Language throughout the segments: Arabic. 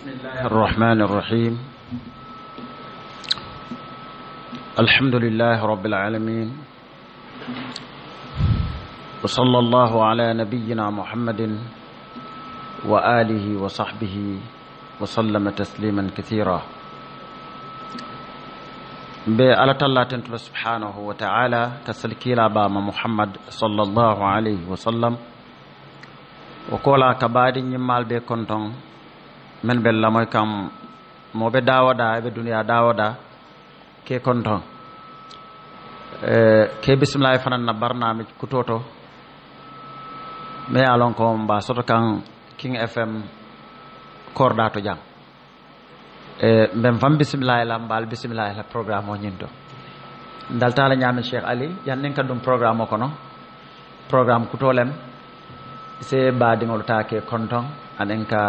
بسم الله الرحمن الرحيم الحمد لله رب العالمين وصلى الله على نبينا محمد وآله وصحبه وسلم تسليما كثيرا بألة الله تنتبه سبحانه وتعالى تسلكي لابام محمد صلى الله عليه وسلم وقولا كبادي نمال بكنتم men bella moy kam mo ɓe dawaɗa eɓe duniya dawaɗa ke konton e, ke e na barnaami ku toto me alon ko mba soto kan king fm korɗa to jam e mben fam bismillah e la mbal bismillah la programme o dal daltala nyaami cheikh ali yannen ka ɗum programme o kono programme kutolem se baadiŋol taake ke anen ka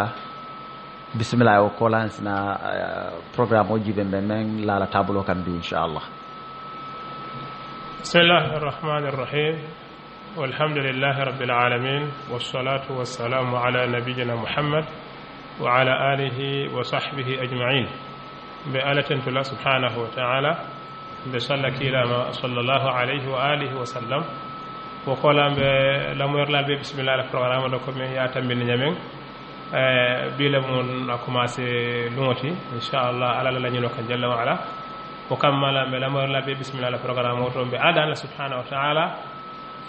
bisimila eh, o kolan sina programme o لا لا تابلو كان بي ان شاء الله بسم الله الرحمن الرحيم والحمد لله رب العالمين والصلاة والسلام على نبينا محمد وعلى آله وصحبه أجمعين بآلة الله سبحانه وتعالى بصلى إلى ما صلى الله عليه وآله وسلم وقال لم يرلا بسم الله الرحمن الرحيم يا تمن يمين bile mun a commencé luŋoti inchallah ala la lañino kan jalla wa ala o kammala mbe lamorla ɓe bisimilla la programme oto mbe ala danla subhanahu wa taala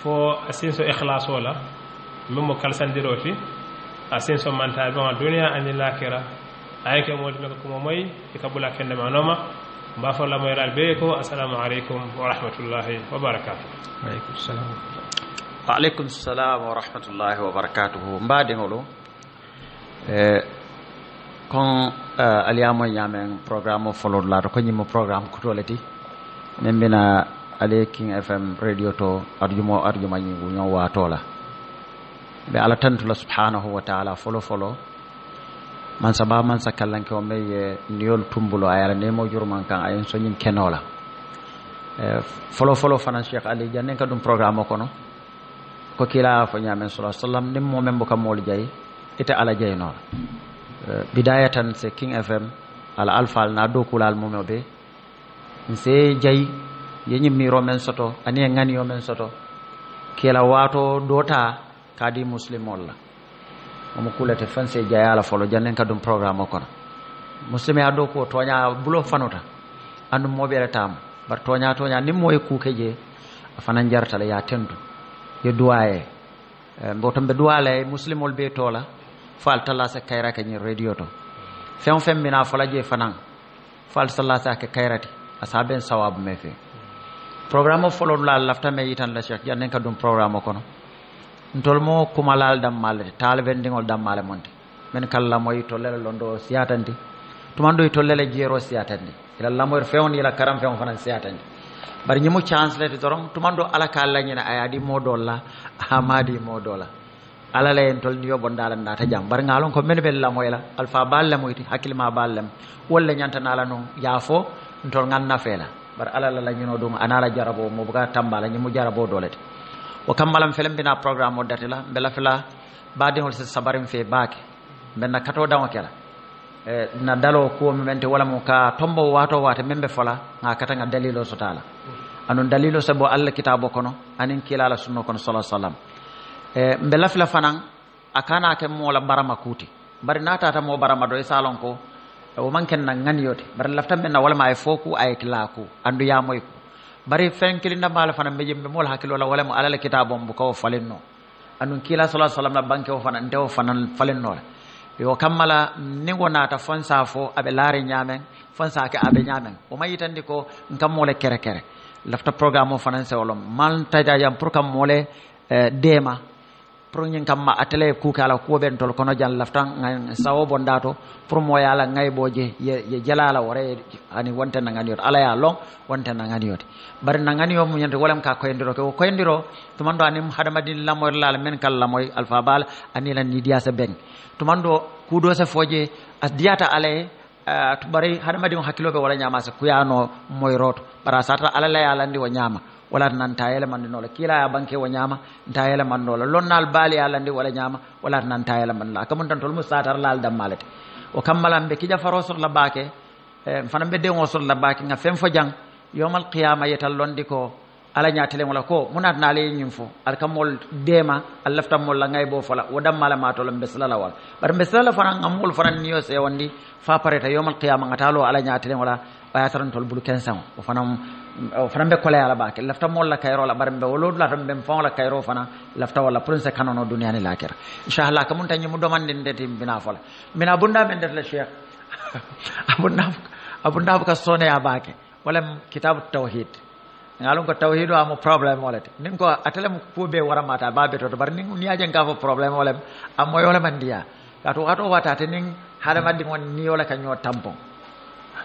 fo a sinso ihlas o la min mo kalsandiro ti a sinso mantaɓe on a duniya ani lakira aye ke moltino ko kumo moyi e ka ɓula kendema nooma mba fo lamoyral ɓe ko assalamu aleykum wa rahmatullahi wa barakatuh aleykum salam waaleykum salam wa rahmatullahi wa barakatuhu mbaɗeŋolo E, kon e, aliyamo ñaamen programme o folor laata ko ñimmo programme kutole ti min mbina ali king fm radio to arjumo arjumañingu ñoo waatoola ɓe ala tantula subhanahu wa taala folo folo man saba man sa kallanke o may e niyol tumbulo a yala nemo juruman kan ayen soñin kenola e, folo folo fana cheikh ali jannin ka ɗum programme o kono ko kiila fo ñaamen sala sallam nimmo men bo kam mooli diaye ite ala jeynoro eh, bidaya tan c' est king fm ala alfal na dow kulal mum o ɓe se jeyi ye ñimmiro men soto ani e ganiyo men soto kela wato dota kadi muslim olla omo kulete fan se jeyala folo jannen kadum programme o kono muslim ya dow ko toña bulo fanuta andum moɓeretamo bar toña toña nimmo e kuuke je a fanan jartala ya tentu ye duwaye eh, mboto mbe duwalaye muslim ol ɓe toola fal fo altalase kayrake ñin radio to fen fen mina falaje je fanan fo altalase ake kayrati asa ben sawabu me fe programme o folonu lafta me yitan la cheikh jannen ka ɗum programo o kono ntol mo dam dammale tal taal dam dammale monte min kala lamoyi tollele londo siyatanti tumanɗoyi tollele jeero siyatanti ila lamoyr fewni ila karam feon fana siyatanti bari ñimu chance lete doron tumando ala ka lañina a yaɗi mo dolla alala en tol niyo bondalandata jam bar ngalon ko men ɓel lamoyla alfa ballamoyti hakkillema ballam walla ñantanala noon yaafo ntol ganna feela bar alala lañino ɗum anala jarabo mobga tambala ñimo jarabo dolete o kammalam fele mbina programme o datela bela fela badinol se sabarim fe baake mbenna kato dawo kela e na dalo kuwo mumente walla mum ka tombo wato wata men ɓe fola ga katanga dalilo sotala anon dalilo sabo allah kitabo kono anin kilala sunno kono sala sallam mm -hmm. Eh, e, lafila fanaŋ a kana ke moo barama kuti bari naa taata moo barama do i se ko e, wo maŋ keŋ na ŋaniyo bari lafta men na walema e a ye foo ku a ye kilaa ku andu yaamoyi ku bari feŋ kilinda maa le fanaŋ be jembe moo le la walemu alla le kitaabon buka wo falin no anduŋ kila sala salam la banke wo fana nte wo fanaŋ falin no le yo kamma la niŋ wo naata fon saa fo a be laari ñaameŋ fon saa ke a be ñaameŋ wo maŋ yitandi ko nka moo le kere kere lafita programme o fanaŋ sewolom maŋ tajajan pour ka moo le eh, deema pour ñin kamma a télé kuukala ben tol kono jan laftan sawo bonda to pour moyala ngay boje ye jalala wore ani wonte yot ala ya long wonte naganiyode bari naganiyo muñante wolam ka koyendiro ko wo koyendiro tuman do anim haɗamadin lamoyre la men kal lamoy alfa bal lan ni ben to mando ku do sa fooje a diyata alaye to eh, ɓaray hakilo hakkiloɓe wala ñama sa kuyano moyroto bara sata ala landi wo ñama wala tan nanta yelemandinola kila ya banke wo ñaama nta yelemanndola lonnal baali ya landi wala ñaama wala tan nanta yelemanndola kamum tan tol mu satar laal dammalete o kammalan ɓe kija faro sotla baake eh, fana ɓe deŋo sotla baake ga fen fo jang yomal qiyama yetal londi ko ala ñatelen wala ko munat na alaye ñin fo ala ka mol deema ala laftan mol la ngay bo fola wo dammala fana ga fana niyo sewandi fa pareta yomal qiyama ga talo ala ñatelen wala o ya tol bulu kensan o fana o fana be kola ala bake lafta mol la kayro la barbe o lodula tan ben fon la kayro fana lafta wala prince kanono duniya ni lakira inshallah kamun tan mu do manden bina fola mina bunda men det la sheikh abunda abunda ka sone ya bake wala kitab tawhid ngalon ko o amo problem walete nin ko wara mata waramata be to bar nin niyajen ka fo probléme olem ammoyole man ndiya kato wata wattate nin haɗa ni wala ka kaño tampon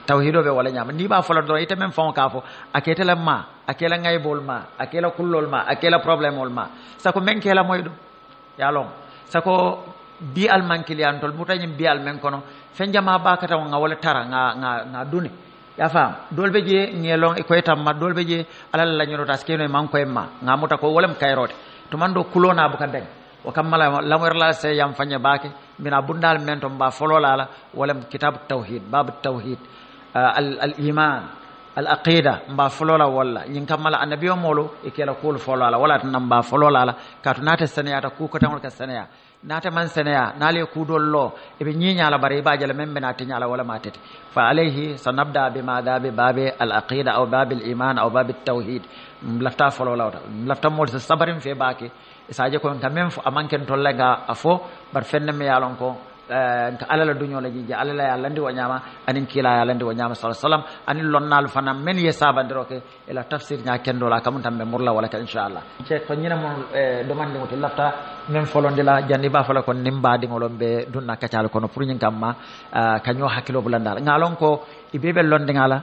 tawhido be wala nyama ni ba fola do ite meme fon kafo fo a ma akela ngay bol ma akela kulol ma akela problem ol ma sako men kela moy ya lon sako bi al mankiliyantol mutañin bi al men kono fen jama kata nga wala tara nga nga, nga duni ya fam dolbe je ɓe e koy tam ma dolbe je alal la nyoro ñonotas keno man koy ma nga muta ko wolam kayrote to mando kulona bu buka dañ o kammala la se yam fañe baake mbina bunndal men to mba fololala wolam kitab tawhid bab tawhid آه، الإيمان الاقيده مبا فلولا ولا ينكمل النبي مولو إكلا كول فلولا ولا تنبا فلولا لا نات السنة تكو كتامل كسنة نات من سنة نالي كودول لو إبن يني على بري جل من بناتين على ولا ماتت فعليه سنبدأ بما ذا بباب الاقيده أو باب الإيمان أو باب التوحيد ملفتا فلولا ملفتا مول سبرين في باكي إساجي كون كمين أمانكن تولغا أفو برفن ميالون كون ka eh, alala duñola jiji alala ye allandi wo ñama anin kiila ye allandi wo ñama sa sallam anin lonnalu fana men ye sabandiro ke ila tafsir ña kendola kamum tan ɓe murla wala ka inchallah ce ko ñina mon eh, demande ngoti lafta min folondila eh, e e e jandi ba fola kon nimbadiŋolon ɓe dunna kacal kono pour ñin kam ma kaño hakkilo bulandala ŋalon ko ibeɓe londiŋala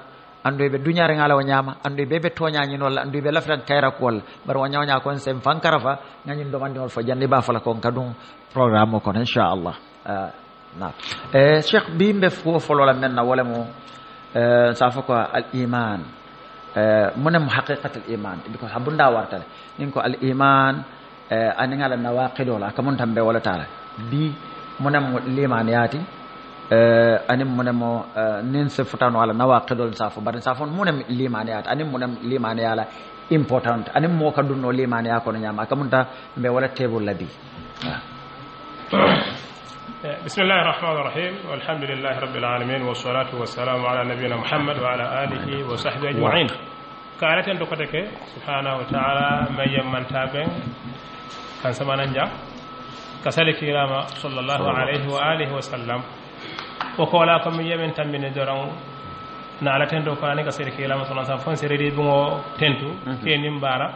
andu ɓe duñareŋala o ñama andu ɓe ɓe toñañinolla andu ɓe lafitan kayra kuwolla bar wo ñawña kon sen fankara fa gañin domandiŋol fo jandi ba fala kon kadum programme o kono inchallah نعم شيخ بيم بفو فلو لمن ولا مو سافك الإيمان من حقيقة الإيمان بيكون حبون داور تلا نكو الإيمان أنا على النواقد ولا كمن تنبه ولا تعالى بي من الإيمان ياتي anin munemo nin sefutano ala nawaqidol safo bari safon munem limaneyata anin munem limaneyala important anin mo ka dunno limaneya kono ñama kamunta mbe wala table la bi بسم الله الرحمن الرحيم والحمد لله رب العالمين والصلاة والسلام على نبينا محمد وعلى آله وصحبه أجمعين أن دوكتك سبحانه وتعالى من يمن تابن كان سمانا جا كسالك راما صلى الله عليه وآله وسلم وقولا من يمن تنبين دران نالتين دوكاني كسالك راما صلى الله عليه وسلم فان سيري بمو تنتو كيني مبارا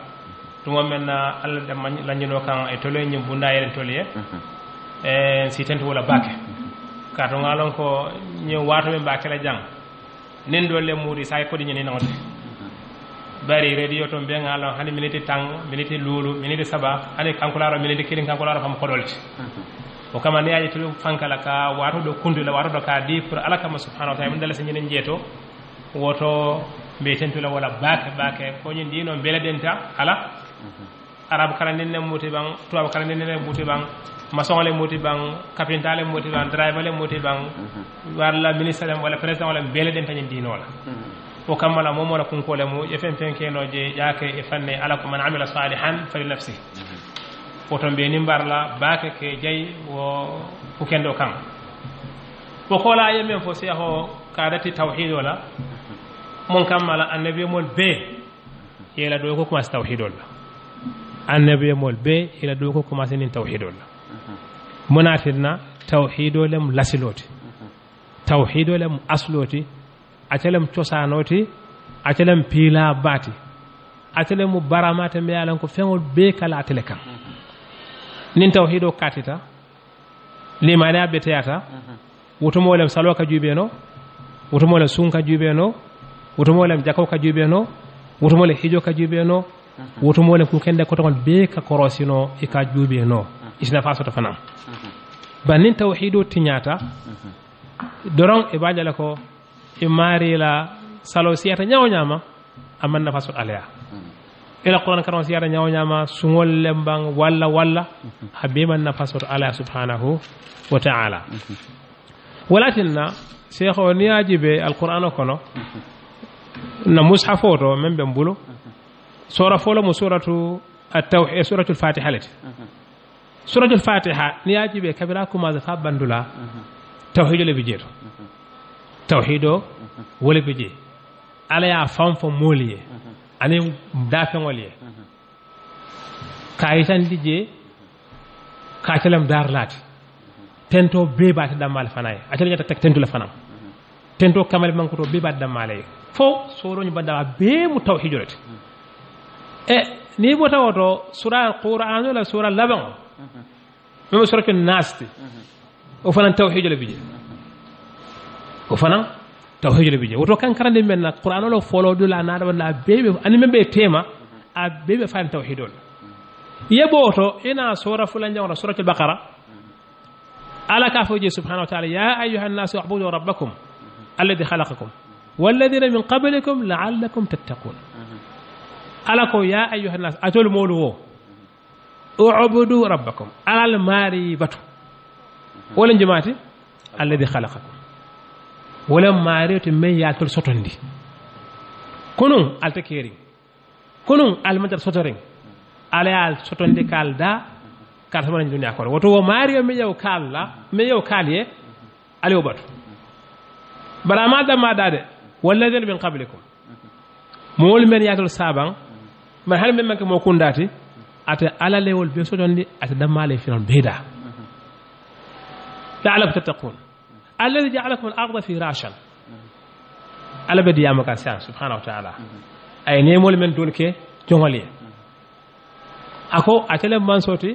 تمام من الله لن ينوكا يتولي ينبونا ينتولي e si tenti wola bake kar to ngalon ko ñew watoɓe mbakela jang nen dolle muuri sa kodi ñani nawde bari radio to mbiya ngalon hani minete tang minete luulu minete saba hani kankularo minete kiri kankularo kam koɗolte mhm. o kama ni aji tolu fankala ka watoɗo kundula watoɗo ka di pour alakama subhanahu wa taala min dala so ñinen jeeto woto mbiye tentula wola bake bake koñin ndino beele denta ala mhm. arabe karandin ne moti ban tuwab karandin ne moti ban maçon le moti ban capitan le moti ban driver le moti ban mhm. walla ministre wala président wala bele den tañi dinola mhm. o kammala momola kunkole mu e fen fen keno je yaake e fanne ala ko man amila salihan fali nafsi mhm. o ton mbiye ni mbarla baake ke jayi o hukendo kan o kola yemen fo seeho kadati tawhid ola mon kammala annabi mon be yeela ɗo e ko kuma si tawhidol la annabiyemol be ila ɗo ko commencé nin tawhidol la munafirna tawhidole mo lasiloti tawhidole mo asloti acelem cosanoti acelem piila baati acelem mo baramata mbiya lan ko feŋol bee kala atele kan nin tawhido katita limaniya beteyata wutumolem salo ka juuɓeno wutumolem sun ka juuɓeno wutumolem jakow ka juuɓeno wutumole hijo ka no woto le kon kende kotogol be ka korosino e ka no isna fa soto fanam bannin tawhidu tiñata dorong e bajala ko e la salo siyata ñawo ñama amman nafa sot alaya ila qur'an karon siyata ñawo ñama sungol lembang walla walla ha beman nafa sot alaya subhanahu wa taala walatinna cheikh o niyaji be alqur'an o kono na mushafoto membe men ɓen mbulo sora folo mo suratu التوحيد إيه، سورة الفاتحة لتي سورة الفاتحة نياجي بي كبيرا كما زفا بندولا توحيد لي بيجير توحيد ولي بيجي على يا فام فم مولي اني دافن ولي كايتان ديجي كاتلم دار لات تنتو بيبات دمال فناي اتلي تك تنتو لفنا تنتو كمال مانكو بيبات دمالي فو سورو ني بندا توحيد لتي e ni bota woto sura alquran ola sura laban o meme suratu nasti o fanan tawhijo le bije o fanan tawhijo le bije woto kankarande men na qur'an ola folo dula naɗa walla a beɓe ani men ɓe tema a beɓe fani tawhidol yeɓoto ina sura fulan jang wota suratul bakara ala ka foje subhanahu wa taala ya ayuha annasu abudu rabbakum alladi halakakum والذين من قبلكم لعلكم تتقون ala ko ya ayyuhannas atol molu wo ubudu rabbakum alal maari batu wala jamaati alladi halakakum wala maareto men yaltol sotondi konon alta keeri konon almatar sotoren ala yal sotonde kaal da kal samana duniya kono woto wo maario mi yew kaal la mi yew kaal ye ala yo batu bara ma dade walladina min qablikum moolu men yaltol saaban man hade men manke mo kundati ata alalewol be sojonde ata dammale finon beyda laalakum tattaqun alladi jaalakum al arda firashan ala be diyama ka sen subhanahu wa taala ay nemol men dolke jongole ako atele man soti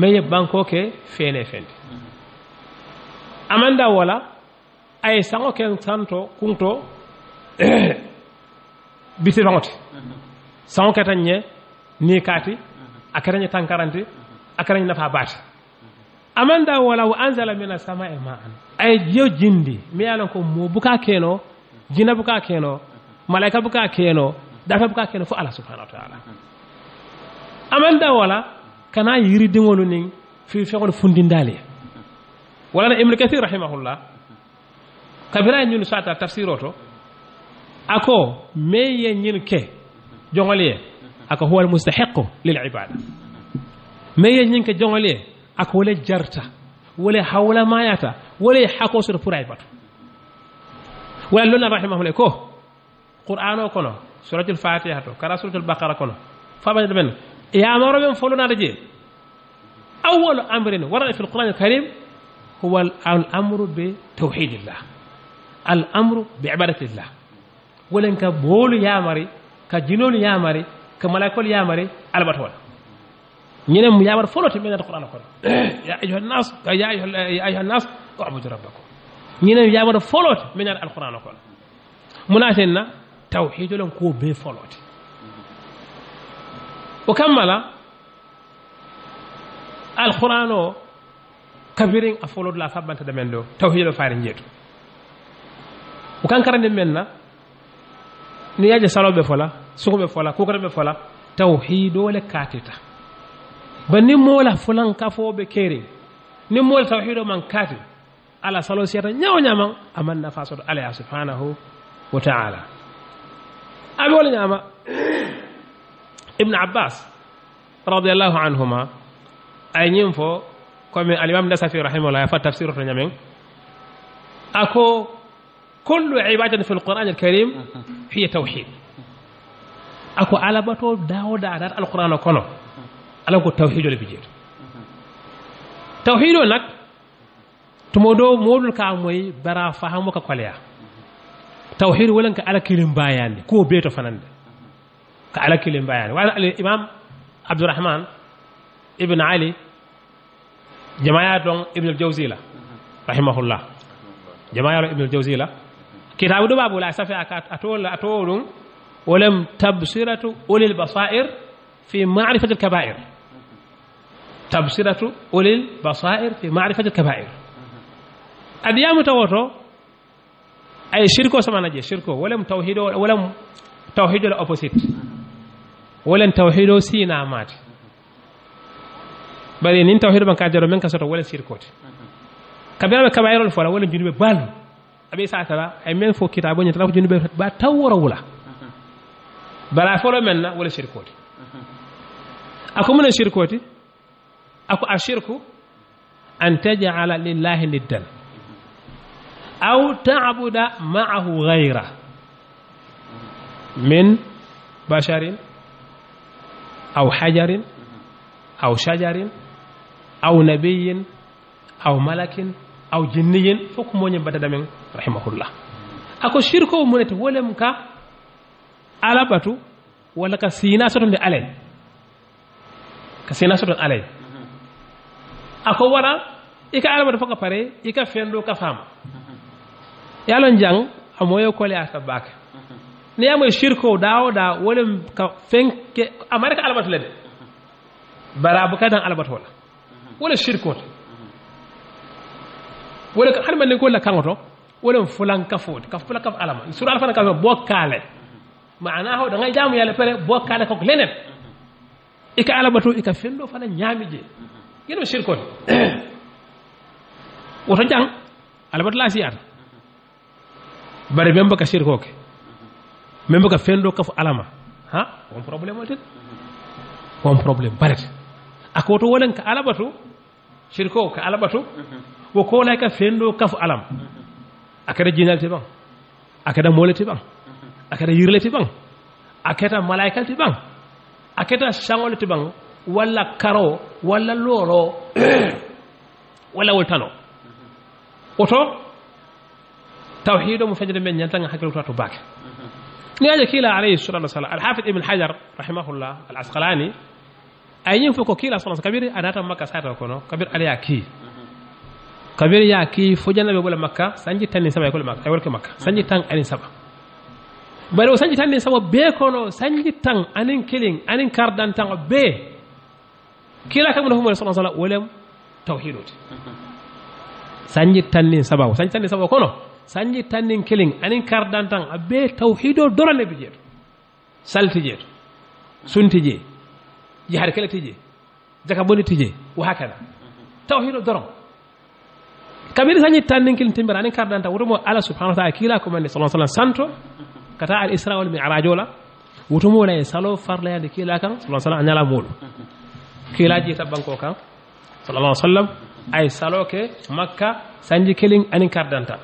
meye banko ke fene fende amanda wala ay sango ken santo kunto bisibaŋoti sonkatañe ni kati kaati akarañe tankaranti a akarañe nafa baati amanda wala wo anzala mina sama e ma an aye yo jindi mi yalon ko mo buka keno jina buka keno malaika buka keno dafa buka keno fo ala subhanahu wa taala amanda wala kana yiri dingolu nin fi fegol fundindali wala na ibnu kathir rahimahullah kabira ñun sata tafsiro to ako meye ñin ke jongole aka huwa almustahiqu lil ibada meye ñinka jongole aka wala jarta wala hawla mayata wala hako sur pour ay batu wala lonna rahimahullah ko qur'an o kono suratul fatiha to kara suratul baqara kono faba ben ya maro ben foluna daje awwal amrin warada fi alquran alkarim هو الأمر بتوحيد الله الأمر بعبادة الله ولنك بول يا مري ka jinolu yamare ka malakol yamare albatol ñenem mu yamar folote ɓenata alquran ko ya ayuha ka ya ayuha nas abudu rabbakum ñinen yamata folote ɓenata alquran ko munaten na tawhidul ko be folote o kamala alqur'an o kabirin la sabanta de men do tawhidul faare ñeetu o kankara kankaranden men na ni yaje saloɓe fola sugoɓe fola kukaraɓe fola tawhidole kateta ba ni mola fulan kafoɓe kere ni mola tawhido man kate ala salo siyata ñaw ñaman aman nafa soto alaya subhanahu wa taala aɓe wala ñama ibne abbas radiallahu anhuma ay ñin fo comme alimam ndasafi rahimahullah yafa tafsiroto ñamen ako كل عبادة في القرآن الكريم هي توحيد أكو على بطو داو دا دار القرآن كله على كو توحيد اللي بيجير توحيد لك تمودو مول كاموي برا فهمو كقليا توحيد ولنك على كلم بيان كو بيتو فنان على كلم بيان وعلى الإمام عبد الرحمن ابن علي جماعة ابن الجوزيلة رحمه الله جماعة ابن الجوزيلة كتاب ɗo babol a safi اتول ɗum ولم تبصرة أولي البصائر في معرفة الكبائر تبصرة أولي البصائر في معرفة الكبائر أديام توتو أي شركو سمعنا جي شركو ولم توحيد ولم توحيد الأوبوسيت ولن توحيد سينا مات بل إن توحيد من كاجر من كسر ولا شركوت كبيرة كبائر الفولا ولا جنوب بالو aɓe satara hay men fof kita boñe tala ko joni ɓe ba taw woro wula bara folo men na wala sirkoti ako mune sirkoti ako a sirku an tajala lillahi niddan aw tabuda maahu gayra min basharin aw hajarin aw shajarin aw nabiyin aw malakin aw jinniyin fof ko moñen mbadana men rahimahullah ako shirko o ne wolem ka ala batu ka ka sina sotonde alay ka sina soton alay ako wala ika ala batu fof ka pare ika fenɗo ka faama yalon jang a moyo kole aka baka ni yamoy shirko dawo da wolem ka fenke amare ka alabatu le de bara bukadan alabatu wala wala shirkote wole ko hade mande golla kaŋo to wolem fulan kafoti ka fula kaf alama sur alfana kaf bo kaale ma ana haw da ngay jamu yalla pere bo kaale ko lenen ika ala bato ika fendo fana nyami je yeno shirkon woto jang ala bato lasiyata bare mem baka shirkoke mem baka fendo kaf alama ha on probleme wotet on probleme bare akoto wolen ka ala bato shirkoke ala bato mhm. وكو لايكا كف علام اكدا جينال تي بان اكدا مول تي بان اكدا يرل تي بان اكدا ملائكه تي بان اكدا شانول تي بان ولا كارو ولا لورو ولا ولتانو اوتو توحيد مفجر من ينتن حكلو تاتو باك نيا كيلا عليه الصلاه والسلام الحافظ ابن حجر رحمه الله العسقلاني اي ينفكو كيلا صلاه كبير انا تمك ساتو كونو كبير عليا كي kabiri ya ki fo jannaɓe ɓola makka sañji tanni saba ko makka ewolke makka sañji tan anin saba bari o sañji tanni saba be kono sañji tan anin kelin anin kardantan be kila kam no fumore sallah sallam wolem tawhidude sañji tanni saba o sañji tanni saba kono sañji tannin kelin anin kardantan be tawhido dorane bi jeeto salti jeeto sunti jee jihaade kele tije jaka boni tije wo hakada tawhido doron kabiri sañi tanninkil timbira anin kardanta wotomo ala subhanau taala kiila ko mande salaa sallam santo kata al isra wal miraj ola wotomolaye salo farlayande kiila kan sala sallam a ñala muolu kiila jiita banko kan sal allah sallam ay salo ke makka sanji kelin anin kardanta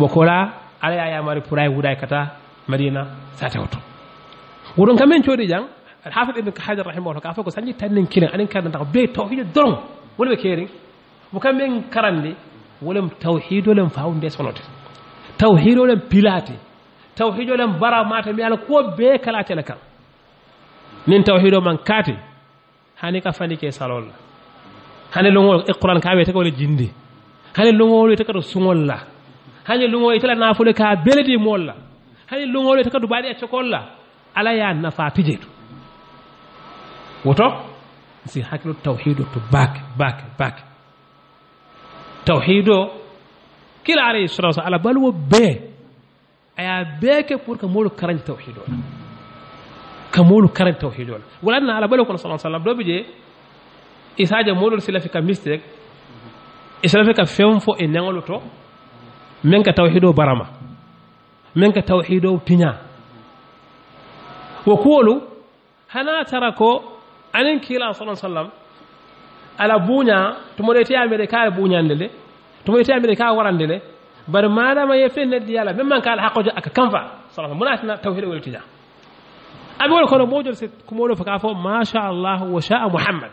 bokola ala ya yamari pouray wuday e kata madina sate woto woton kammin coodi jang hafid ibne hajar rahimahullah ka fo ko sañi tanninkilin anin kardanta ko be tawhide doron wonɓe keerin mo kamɓen karande wolem tawhidolem fawde sonote tawhidolem pilate bara baramata mi ala ko be kala tele kam nin tawhido man kati hani ka fani ke salol hani longol ngol qouran ka wete ko le jindi hani ngol wete ko sungol la hani longol wiyetela nafole ka beledi molla la hani longol wiyete kato baɗi accokol la ala ya nafa tijetu woto si hakkilo tawhidu to baake baake baake tawhido o kila alayhi salatu ala balwo be aya ke pour ka molu karan tawhid o ka molu karan tawhido o wala na ala balwo ko sallallahu alaihi wasallam do bije isaja molu silafi ka mistake isilafi ka fem fo e nangolo to men ka tawhid o barama men ka tawhido o tinya wa kulu hana tarako anin kila sallallahu alaihi ala buuña tumoɗo yeteyamede ka ala buuñande le tumo yeteyamede ka warande le bare madama ye fen neddi yala même man ka ala haqqojo aka kam fa sala munatina tawhide weltija aɓe wol kono mojol si kumoɗo fo ka fo machallah wa sha'a mouhammad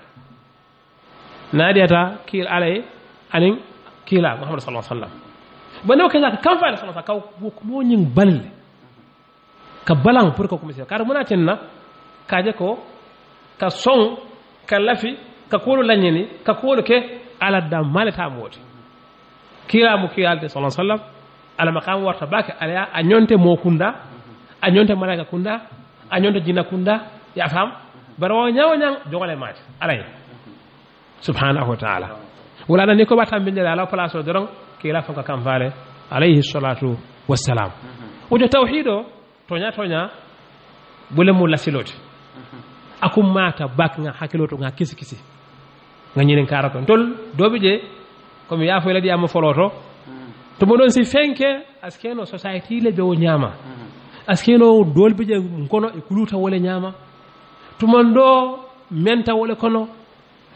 naadiyata kiil alaye anin kiila mouhamad sa sallam bande o kesa ka kam fa ala sa kaw moñing balle ka balan pour que commission kar munatinna kaje ko ka son ka lafi kakolu lañini kakolu ke ala dammale ta mooti kiramu kiralde sa sallam ala maqam warta bake alaya a ñonte mo kunda a ñonte malaika kunda a ñonte jina kunda ya fam bara wo ñawo ñang jogole maati alay subhanahu wa taala wala ni ko batam bindela ala place o doron kila fonka kam vale alayhi salatu wassalam wojo mm-hmm. tawhid o toña toña bule mu lasilode mm-hmm. akum mata bak nga hakiloto nga kisi kisi ka karaton tol doɓe je komi yafo ladi amma foloto to mo don si fenke askeno society le ɓe o ñama askeno dolɓe je kono e kuluta wole ñama tuman ɗo menta wole kono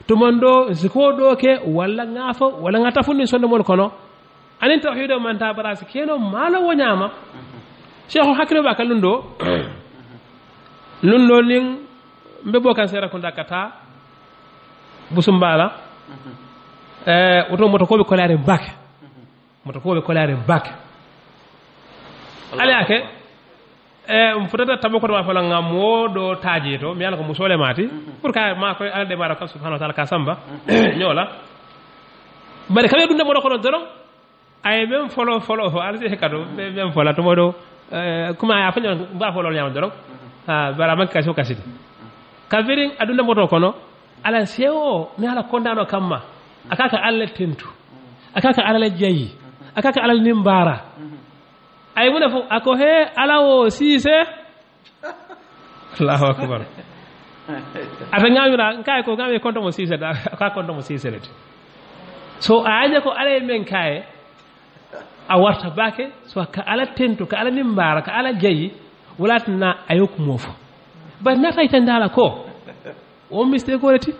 tuman ɗo siko do ke walla ŋaafo walla ŋa tafunni sondemol kono anin tawhido manta bara si keno maalo wo ñama cheikhu hakkilo ɓa ka lun ɗo ɗo nin mbe bokan kan sera kata busumbala woto mm-hmm. eh, moto koɓe kolare mbake mm-hmm. moto koɓe kolare mbake aleyake eh, fotata tabakoto ma fala ngam wo ɗo taaje to mi ala ko musole maati pour mm-hmm. ka ma koye ala ɗemara ka subhanau wa taala ka samba ñoola bari kala ɗum ndemoɗo kono doron ay meme folo folo fo ala si hekkato même fola tomo ɗo eh, kuma ya fanño mba folol ñama doron ah, bara manke kasi o kasiti ka firin aɗum ndemoto kono ala sewo ni ala kondano kamma akaka alla tentu akaka ala jayi akaka alal nimbara ay mune fof ako he alawo se? allahu akbar ata gawira kaye ko gawi kontomo siise ka kontomo lati so a ko alaye men kay a warta bake so ka ala tentu ka ala nimbara ka ala jayi wulatna ayoku mofo tan dala ko on mistake oreti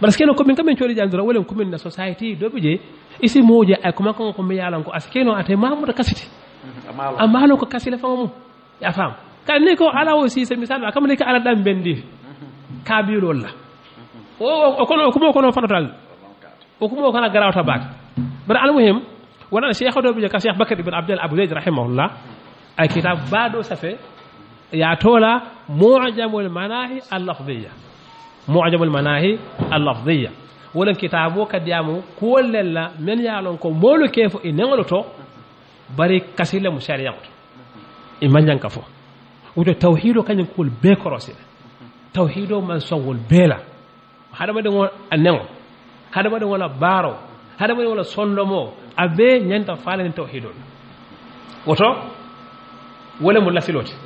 bara sikeno komin kamin coori jandura wolen min na society doɓe je isi moje ay koma kan ko mi yalan ko a sikeno mamu da kasiti amalo ko kasila famu ya fam kala ne ko ala si se misal kam ne ka ala dam bendi mm-hmm. kabilol la mm-hmm. o kono kuma o kono fanotal o kuma o kana garawta baake bara almuhim wonana cheikh oɗoɓe je ka cheikh bakari ibne abdul abou zeyd rahimahullah ay kitab do safe يعتولى معجم المناهي اللفظية معجم المناهي اللفظية ولن كتابو كديامو كل لا من يعلم كم مولو كيف تو بري كسيلة مشاريع إيمان إمان كفو وجو توحيدو كان يقول بيكروسي توحيدو من سوول بلا هذا بدن ولا أنغو هذا بدن ولا بارو هذا بدن ولا صندمو أبي ينتا فالن توحيدو وتو ولا ملاسلوتي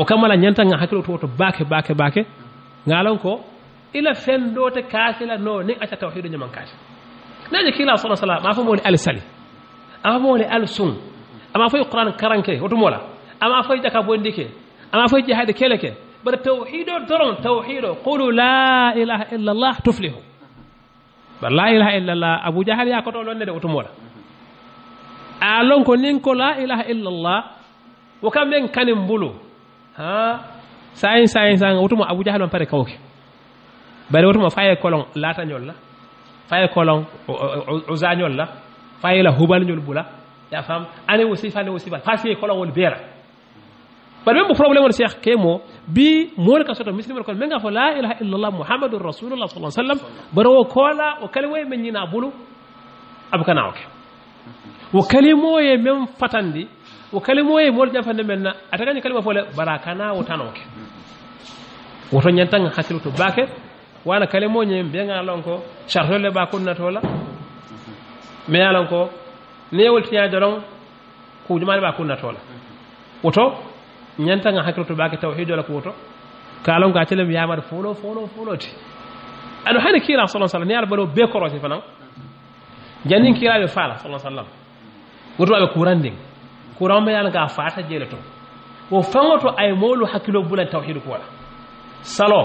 o kamala ñanta nga hakkilo to woto baake baake baake ngalan ko ila fen ɗo te kaasila no ni acca tawhido ñaman kaasi naje kila sala sala ma fo mawli al sali ama fo mawli al sun ama foy qur'an karanke woto mola ama foy jaka bondike ama foy jihade kele ke bara tawhido doron tawhido qulu la ilaha illa allah tuflihu bar la ilaha illa allah abu jahal ya koto londe de woto mola a lon ko nin ko la ilaha illa allah wo kam men kanin mbulu ha sayin sayin sayin wutuma abu jahal on pare kawke bare wutuma faye kolon latañol la faye kolon usañol la faye la hubalñol bula ya fam ane wo sifane wo sifal fasiye kolon wol beera bare même mo probléme on cheikh ke mo bi mool ka soto misilima kon men ga fo la ilaha illallah muhammadun rasulullah sa sallam bara wo koola o kala woye men ñina bulu abu kanawke wo kalimoye men fatandi wo kalimo ye moolu janfande men na ata kañi kalima fo le bara kana wo tano ke woto ñantanga hasiru to baake wala kalimo ñe mbiyaŋa lon ko charto le ba kunnato la mais ye lon ko ni ye wolu tiña doroŋ kujumani ba kunnato la woto ñantanga hakkilo to baake tawhido la ko woto ka lon ko a telem yamata folo folo folo ti aɗo hani kiira sa sallam ni ala baɗo be koroti fanan jannin kiiraɓe faala sa sallam woto aɓe kurandin kurama yana ga fata jele to wo fangoto ay molu hakilo bulan tawhid ko wala salo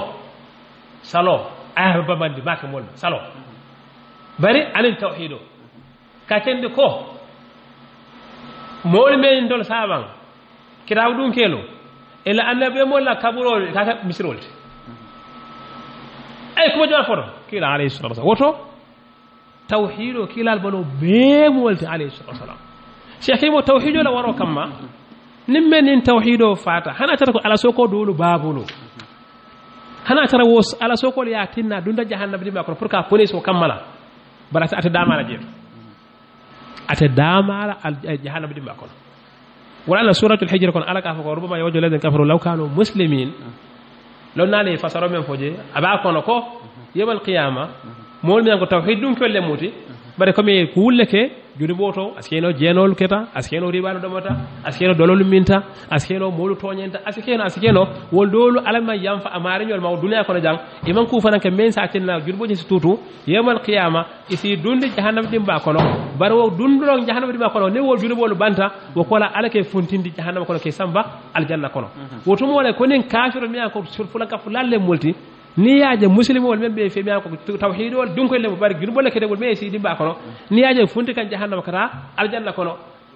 salo ay babandi maka mol salo bari anin tawhido katende ko mol men dol saban kitabu dum kelo ila annabi mol la kaburo kaka misrol ay kuma jwa foro kila alayhi salatu wa sallam woto tawhido kila albalo be molti alayhi salatu wa sallam شيخي مو توحيد ولا ورو كما نمن ان توحيد فاتا حنا ترى على سوكو دولو بابولو حنا ترى وس على سوكو يا تنا دون جهنم دي ماكو بركا بوليس وكملا بلا تاتي دامالا جير اتي دامالا جهنم دي ماكو ولا سوره الحجر كون على كافو ربما يوجد الذين كفروا لو كانوا مسلمين لو نالي فسروا من فوجي ابا كونو يوم القيامه مول من توحيد دون كل موتي bare komi kuulle ke joni ɓooto asikeno jeenolu keta asikeno riɓalu ɗomata asikeno dololu minta asikeno molu toñenta asikeno asikeno won dolu alama yanfa amareñol ma o duniya kono jang iman kufananke min sa tinna joni ɓo tutu yemal qiyama isi dundi jahannama ɗimba kono bara wo dunduɗo jahannama ɗimba kono ne wo joni ɓolu banta wo kola ala ke funtindi jahannama kono ke samba aljanna kono mm-hmm. wotumole konin kafiro miya ko fulanka fulallen multi. niyaje musilimol men ɓe feɓiyani koko tawhidol dunkoye lemo bari guiru bolle kedegol mais si dimba kono niyaje funti kan jahannama kata aljanna kono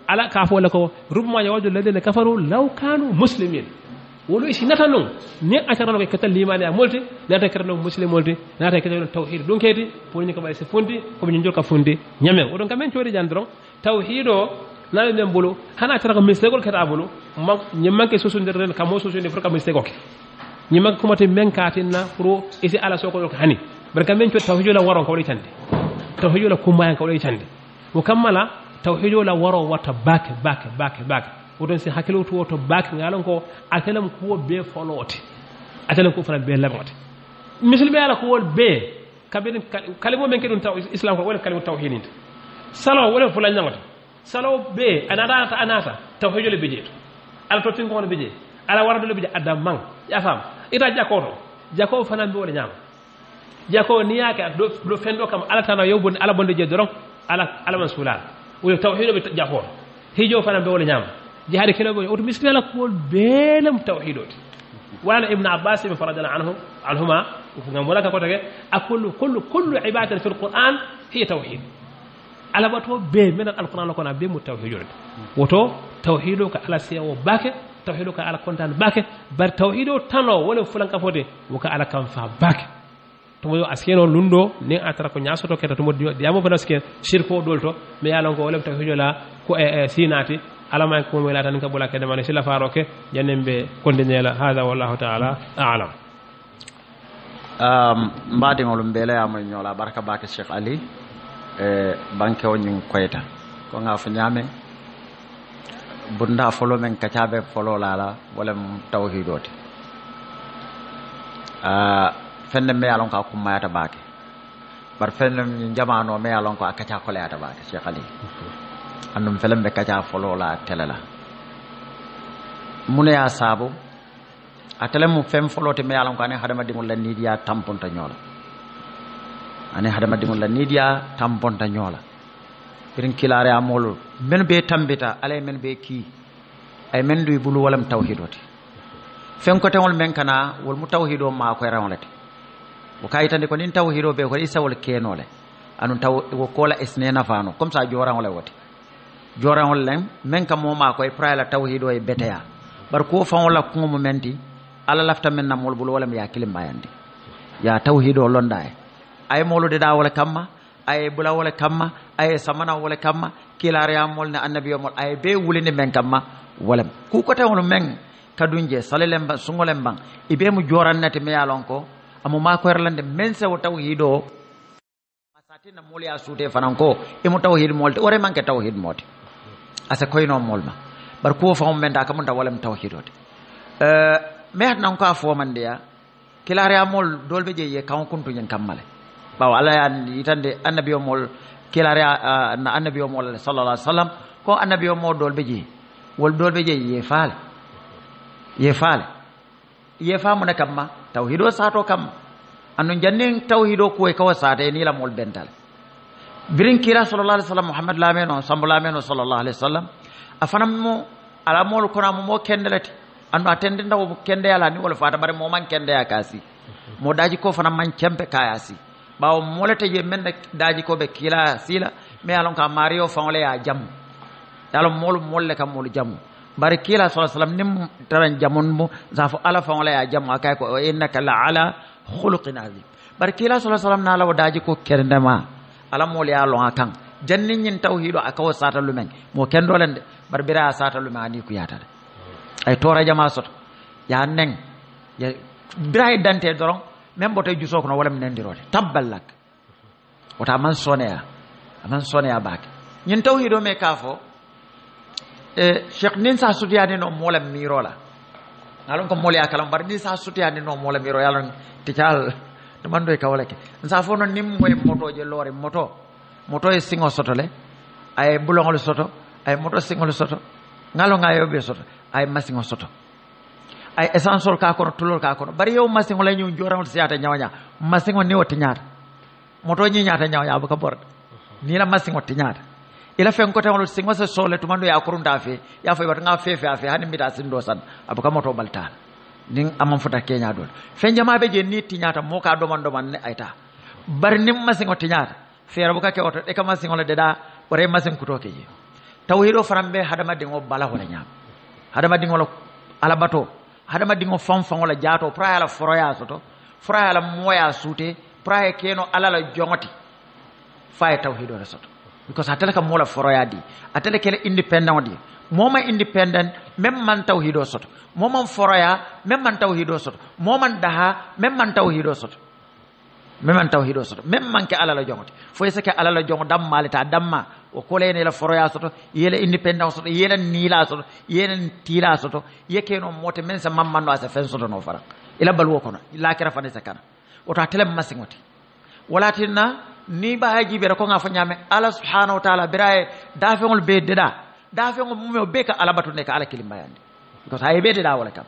ala ka fo walla ko rubma yawaju alladina kafaru law kanu muslimin wolo isi nata noon ni acarano koye kettal limani a molti nata kerano muslim olti nata kettal tawhid ɗum keyti pour ñi ko wayi so funti koɓe ñinjol ka funti ñamen oɗon kamen coodi jan doron tawhid o nani ɗen bolo hana acara ko mistake ol keta bolo ñimmanke sosodirren kamo sosode fof ka mistake oke ñiman kumate men katinna pour isi ala sokoɗo ko hani barka men cotta tawhijola waron kawɗo tande tawhijola kumbayan kawɗo tande mo kammala tawhijola waro watta bake bake bake bake woton si hakkilo to woto bake ngalon ko atelam kuwo be folote atelam ko fana be lamote musilɓe ala ko wol be kaɓen kalimo men ke ɗum taw islam ko wona kalimo tawhidinta salawo wona fula ñagote salawo be anata anata tawhijole be jeeto ala to fingono be jeeto ala warde lobi adam man ya fam ita jako to jako fanan bi wala nyam jako niyake do do fendo kam ala tan yo bon ala bonde je ala ala man suulal woni tawhido ɓe jafoto hijo fanan mbi wona ñaama jihade kenoɓe o to miskila ko belam tawhidot wala ibn abbas bi faradana anhu alhuma ko ngam wala ko a akulu kullu kullu ibadatu fil qur'an hiya tawhid ala bato be men alquran ko na be mu tawhidot woto tawhido ko ala sewo bake tawhido ka ala kontan bake bar tawhido tano wala fulanka fote woka ala kam fa bake tomo yo askeno lundo ni atara ko ñasoto keta tomo diyamo fana sike shirko dolto to mi yalon ko wala tawhido la ko e eh, eh, sinati ala ma ko la tan ka bula kede demane sila faro ke janem be hada wallahu ta'ala a'lam um mbadi ngolum bele amul nyola baraka bake cheikh ali e eh, banke wonyin koyta ko nga fu nyame bunda folo men kacaɓe folo lala wolem tawhidote ah, fenne me yalon ka kummayata baake bar fenne jamano me yalon ko a kaca koleyata baake cheikh ali annum felen ɓe kaca folo la tele la muneya saabu a tele mu fen folote me yalon ko anen hadamadiŋol la niidiya tamponta ñoola anen hadamadiŋol la niidiya tamponta ñoola irin kilare amolol min be tambita alay min be ki ay min duy bulu walam tawhidote fenkotewol min kana wolmo tawhido mako e rewlete o kayitandi ko nin tawhido ɓe koɗe isawol kenole anu tawo kola esnenafano comme ça jorawole wote jorawol len min kam momako e prayla tawhido e beteya bar ko fawola kumo menti allah lafta min namol bulu walam ya kili mbayandi ya tawhido londa e ay molude dawole kamma aye bulawole kamma aye samana wala kama kila kamma kilareyamol ne annabiyomol aye be wulinde men kama wala ku ko kotewol men kadunje salelem ba sungolem ba ibe mu joran nati me yalon ko amu ma ko erlande men se sewo taw asati na moolu ya suute fanan ko e mu tawhid molte ore manke tawhid moote asa koyno molma bar kuwo famo men da kam da kamunta walem euh eh, me hat nan ko a fomandeya kilare dolbe je ye kan kuntu nyen kamale ɓawa ala ya itande annabi o mol كلا ريا نا النبي يوم الله صلى الله عليه وسلم كو النبي يوم دول بيجي ول دول يفعل يفعل يفعل من كم توحيد وساتو كم أنو جنين توحيد كوي كوا ساتي نيلا مول بنتال برين كلا صلى الله عليه وسلم محمد لامينو سامبو لامينو صلى الله عليه وسلم أفنم مو على مول كنا مو كندلت أنو أتندن دو كندي على نيول فاتبار مو من كندي أكاسي مو داجي كو فنم من كم بكاياسي ɓawo molete je men daji be kila sila me alon ka mario fawle ya jamu yalon mol molle kam mol jamu bari kila sa sallam nim taran jamun mo sa ala fawle ya jamu akay ko innaka la ala khuluqin azim bari kila sa sallam na lawo daji ko kerndema ala mol ya lo akan jannin yin tauhido akawo sata lumen mo kendolen de bari bira sata lumen ani ku yata ay tora jama sot ya neng ya bira dante dorong même botoye juso kono wala minandirode tabballak wota aman soneya aman soneya bak ñin tawhido me ka fo e eh, cheikh nin sa sutiyani no moola mirola alon ko moole akalam bar ni sa sutiyane no moola miro yalon tical ɗumanɗo e kawale ke sa fo nim nin moto je lore moto moto e singo soto le aye bulogol soto aye moto singol soto ngalo ngayoɓe soto aye masingo soto ay essential ka kono tulol ka kono bari yow masiŋo la ñiŋ joraŋo ti siyaata ñawaña masiŋo niwo ti ñaata moto ñiŋ ñaata ñawaña buka bor ni la masiŋo ti ñaata ila feŋ koteŋolu siŋo se soole tuma no ye a kurunta a fee ye a fo ibata ŋa fee fee a fee hani mbita a sindoo san a buka moto baltaa la niŋ a maŋ fota keeñaa doolu feŋ jamaa be jee niŋ tiñaata moo ka domaŋ domaŋ ne ay taa bari niŋ masiŋo tiñaata feere buka ke woto i ka masiŋo le dedaa wara ye masiŋ kutoo ke jee tawhidoo fanaŋ be hadamadiŋo bala wo le ñaama hadamadiŋo la alabatoo hadama dingo faŋo la jaato pour a ye a la foroyaa soto foro ye a la mooyaa suute pour ye keno ala la joŋo ti fo a ye tawhido le soto because ate le ka moo la di ate le kele indépendant di moo ma indépendant meŋ maŋ tawhido soto moo maŋ mem meŋ maŋ tawhido soto moo maŋ mem meŋ maŋ tawhido soto memen tawhido soto meme manque ala la jongote foye sake ala la jongo dammalita damma o kolene la foroya soto yela indépendance soto yela nila soto yela tila soto yekeno mote men sa mammando a sa fen soto no fara ila balwo kono lakira fane sa kana oto a telem masiŋote walatinna ni baaji ɓeta ko ga fo ñame ala subhanahu wa taala ɓeraye dafeŋol be deɗa dafeŋo mume o be ka ala batunde ka ala kilimbayandi bicause aye ɓe deɗa wala kam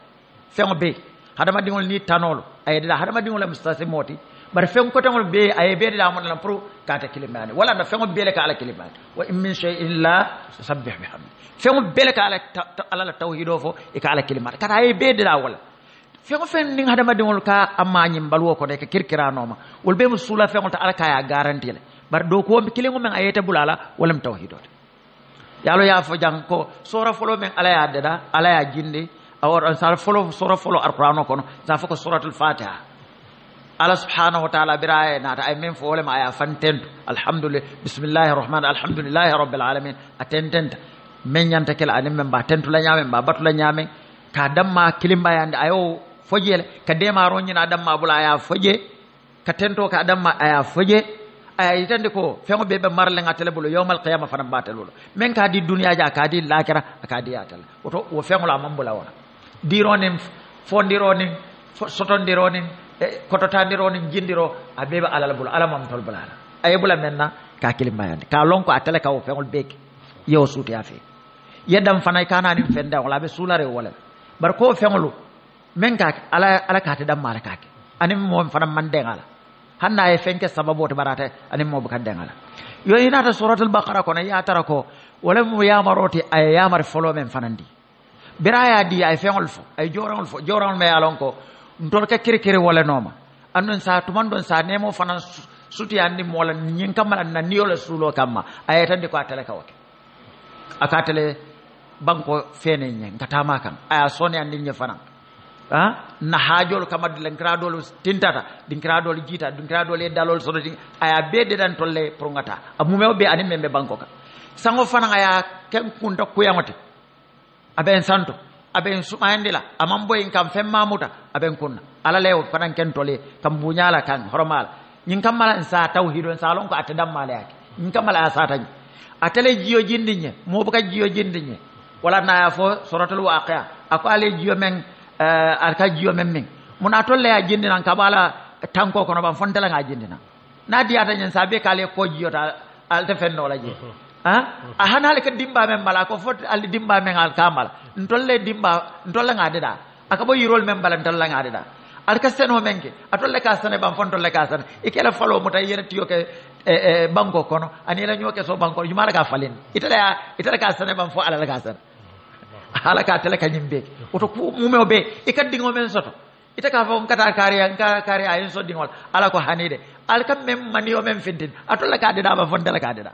feŋo be hadama diŋol ni tanolo aye deɗa hadama diŋol am e sasi mooti bari fen ko tamol be ay be da mon lan pro kata kilimani wala na fen be le ka ala kilimani wa in min shay'in la sabbih bihamdi fen be le ka ala ala tawhido fo e ka ala kilimani kata ay be da wala fen fen ning hada madin ka amani mbalwo ko de ka kirkira noma wol be musula fen ta ala ka ya garanti le bari do ko kilingo men ayeta bulala wala tawhido yalo ya fo jang ko sora folo men ala ya dada ala ya jinde awor sar folo sora folo alqur'ano kono sa fo ko suratul ta Allah subhanahu wa taala biraye naata ay min fo wolema aya fanten alhamdulillah bismillahir rahmanir alhamdulillah rabbil alamin a tententa min ñanta kela ba tentu la nyame ba mba batula nyame ka damma kilimba kilimbayande ayo fojele ka dema demaro ñina damma bula ya foje ka tento ka damma aya foje ay yitande ko fengo bebe marle ngatele bulu yawmal yowmal qiyama fana mbatelulo men ka di dunya ja ka di lakira ka di yatala woto wo fengo la mambula wona diro nin fondiro nin sotondiro nin e kototaniro nin jindiro a bee be alala bolo ala mamtol bula ala a ye bula men na ka kilimbayandi ka lon ko a tele ka wo feŋol bee ke yewo suuteya fee yeddam fana i kana nin fendaŋol a be suulare wo le bari ko feŋolu meŋ ka ala ala ka te damma ala ka ke aniŋ moom fana man deŋa la haŋ na a ye feŋ ke sababoo te bari ate aniŋ moo buka deŋa la yo i naata suratul bakara kono i ye a tara ko wo le mu yamaroo ti a ye yamari foloo meŋ fanaŋ di bira a ye a di a ye feŋol fo a ye jooraŋol fo jooraŋol ma ye a loŋ ko ntolke kirikiri wala noma annon sa tuman ɗon sa nemo fana suti andi mola nyin kamala na niyole sulo kama a yeytandi ko a tele akatale banko fene ñe ngatama kan aya andi ñe fanan ha na haajol kama dilankiraɗol tintata dinkiraɗol jiita dinkiraɗol e dalol sodo sonoti aya be dan tolle pour ngata a mumeo be anin men banko ka sango fanan aya ken kunta kuyaŋote aɓe en santo aɓen sumayandila aman boyin kam fen mamuta aɓen kunna ala lewo fanan kentole kam buñala kan horomala ñin kammala en sa tawhido en salon ko atta dammala yake ñin kammala a satañi atele jiyo jindi ñe mobuka jiyo jindi ñe wala naya fo sorotel waqia ako ale jiyo men uh, eh, aka jiyo men min muna tolle ya jindi nan kabala tanko kono ban fontela nga jindi nan na diyata ñen sa be kale ko ta alte fenno la jee a han hali ka dimba men bala ko fot ali dimba men al kamala ntolle dimba ntolle ngade da akabo yirol men bala ntolle ngade da al ka seno men ke atolle ka sene ban fon tolle ka sene ikela falo muta yene tiyo ke e, e banko kono ani la nyoke so banko yumara ka falin itala itala ka sene ban fo ala ka sene ala ka tele ka nyimbe oto ku soto ita ka fon kata ka kare ayin so ala ko hanide al kam men fintin ka de da ban fon dala ka de da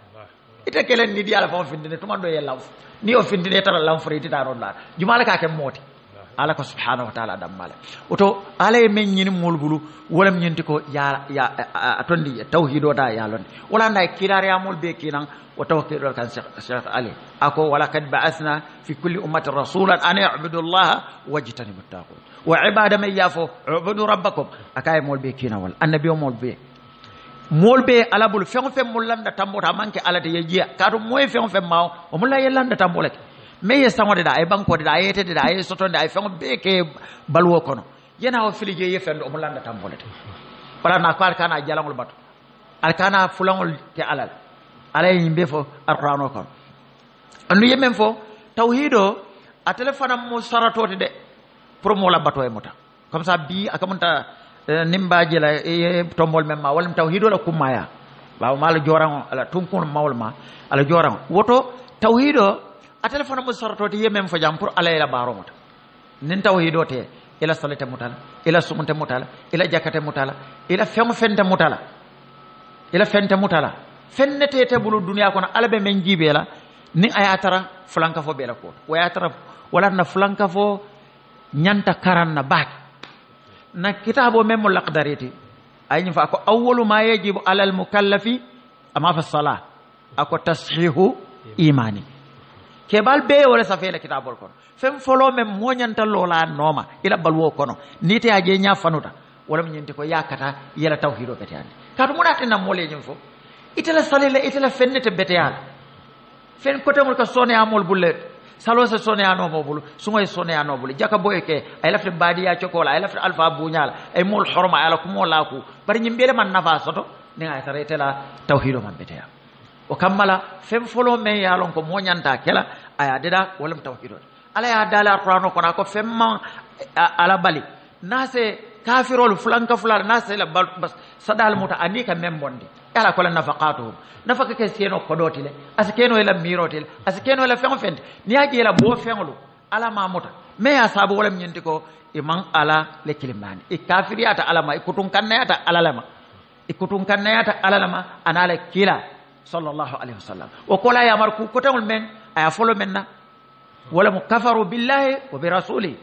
Ita kelen ni ala fon findine tuma do yella ni o findine tara lam fori tita jumala ka ke moti ala ko subhanahu wa ta'ala dammala oto ala e men nyini mulbulu wala nyinti ko ya ya atondi tawhido da ya lon wala nda kirare amul be kinan wa tawakkil kan shaykh ali ako wala kad ba'athna fi kulli ummati rasulan an ya'budu allaha wajtanibu at wa ibada man yafo ubudu rabbakum akaye mul be kinan wal annabi mul be moolu bee alabolu feŋ feŋ mu lanna tambota a maŋ ke alate ye jiya kaatu moye feŋ feŋ maa o mu la ye lanna tambole ke mai ye saŋo de da a ye banko de da a ye ete de da a ye sotonde a ye feŋo bee ke baluwo kono yena o fili je ye feŋ de o mu lanna tambole te wala na ko ali kana a jalaŋolu bato ali kana a fulaŋolu ke ala le ala ye ñiŋ be fo alqurano kono nu ye meŋ fo tawhido a telefana mu saratote de pour mu wo la bato ye muta comme ça bi a ka munta Eh, nimbaji la eh, eh, tombol men ma wala mi taw hiiɗo la kummaya ɓawa ma ala joran ala tunkuno mawol ma ala jorango woto taw hiiɗo a téléphone mo sorto te men fo jam pour ala baro mota nin taw te ila salete mutala ila sumunte mutala ila jakate mutala ila fem fente mutala ila fente mutala fennete te bulu duniya kono ala men jiibe la ni ayatara ye tara fo la koto wo ye tara walatana fulanka fo ñanta karanna na na kitabu men mo lakdariti ayñi fa ko awwalu ma yajibu ala al mukallafi ama fa sala ako tashihu imani keɓal beye wole safele kitabol kono fen folo men moñanta lola nooma ila balwo kono nite a je ña fanuta wala mo ñinti ko yakata yela tawhido ɓete ande kato muɗa tennan moleñin fo itela salila itela fennete beteyala fen coté mol ka soneyamol bulleɗo salo soneyanoma bulu suŋoye soneyanoo bulu jaka boye ke a ye lafita baadiya coko la a ye lafita alfa buuña la a ye moolu horoma a ye la ku bari ñiŋ bele man nafa soto ni a ye tara la tawhido man beteya o kamala fem folo me ya lon ko moo ñanta kela la a ye tawhido ala ya dala daale ko kono a ko feŋ ma ala bali naa kafirol kafirolu fulal nase la bas sadal muta aniŋ ka meŋ bondi ala kola nafaqatuhum nafaka ke sieno kodoti le asikeno ila miroti le asikeno ila fengo fenti ni aje ila bo fengolu ala mamuta me ya sabu wala mnyenti ko iman ala le kilimani ikafiri ata alama ikutun kanna ata alalama ikutun kanna ata alalama anala kila sallallahu alaihi wasallam wa kola ya marku kotangul men aya follow men na wala mukafaru billahi wa bi rasulihi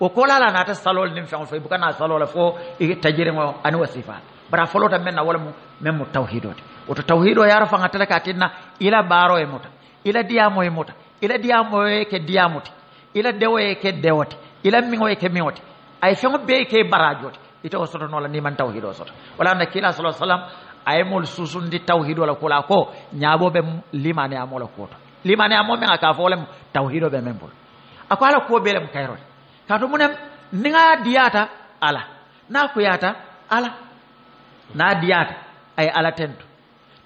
wa kola la nata salol nim fengo fe bukana salola fo tajire ngo ani wasifat bara folota men na wala mu men mu tawhidode woto tawhido ya rafa tele ka tinna ila baro e muta ila mo e muta ila mo e ke diyamuti ila dewo e ke dewoti ila miŋo e ke miŋoti ay feŋo be ke barajoti ite wo sotono la man tawhido soto wala na kila sala sallam a ye moolu susundi tawhido la kula ko ñaabo be limaneyamo la kuwoto limaneyamo meŋ a ka fo tawhido be membo bulu a ko ala kuwo bee lemu kayirole kaatu munem niŋa diyaata ala naa kuyaata ala naa diyaata a ye ala tento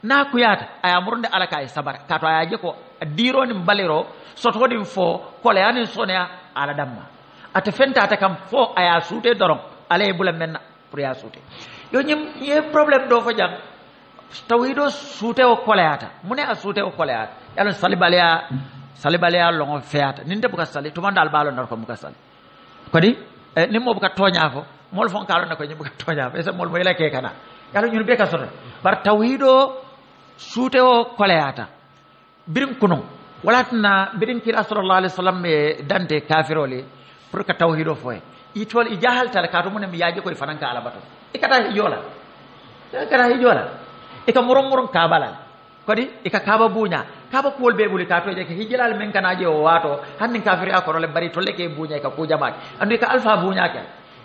naa kuyaata a ye murunde ala ka a ye sabara kaato a ye a je ko diiroo nin baliro sotoo nin foo koloya nin soneya ala damma ate fentaata kam foo a ye a suutee doroŋ ala ye bula men na pour ye a suutee yo ñim ye probléme doo fo jaŋ tawiido suutee wo koloyaata mu ne a suutee wo koloyaata ye loŋ salibaliya salibaliya loŋo feyaata niŋ te buka sali tumandaal baa lo nar ko buka sali kodi eh, niŋ mo buka tooñaa fo mol fon kalo ne ko ñimbe ka toña be sa mol moy ke kana kala ñun be ka soto bar tawhido suute o koleyata birin kuno walatna birin rasulullah sallallahu alaihi wasallam e dante kafirole pour ka tawhido foye itol i tar ka to munem yaaje koye fanan fananka ala bato ikata hijola ikata hijola ika muron muron kabala kodi ika kaba buña kaba kuwol be buli ka je ke hijilal men je o waato hanni kafiri akoro le bari tolle ke buña ka kujamake andi ka alfa buña ken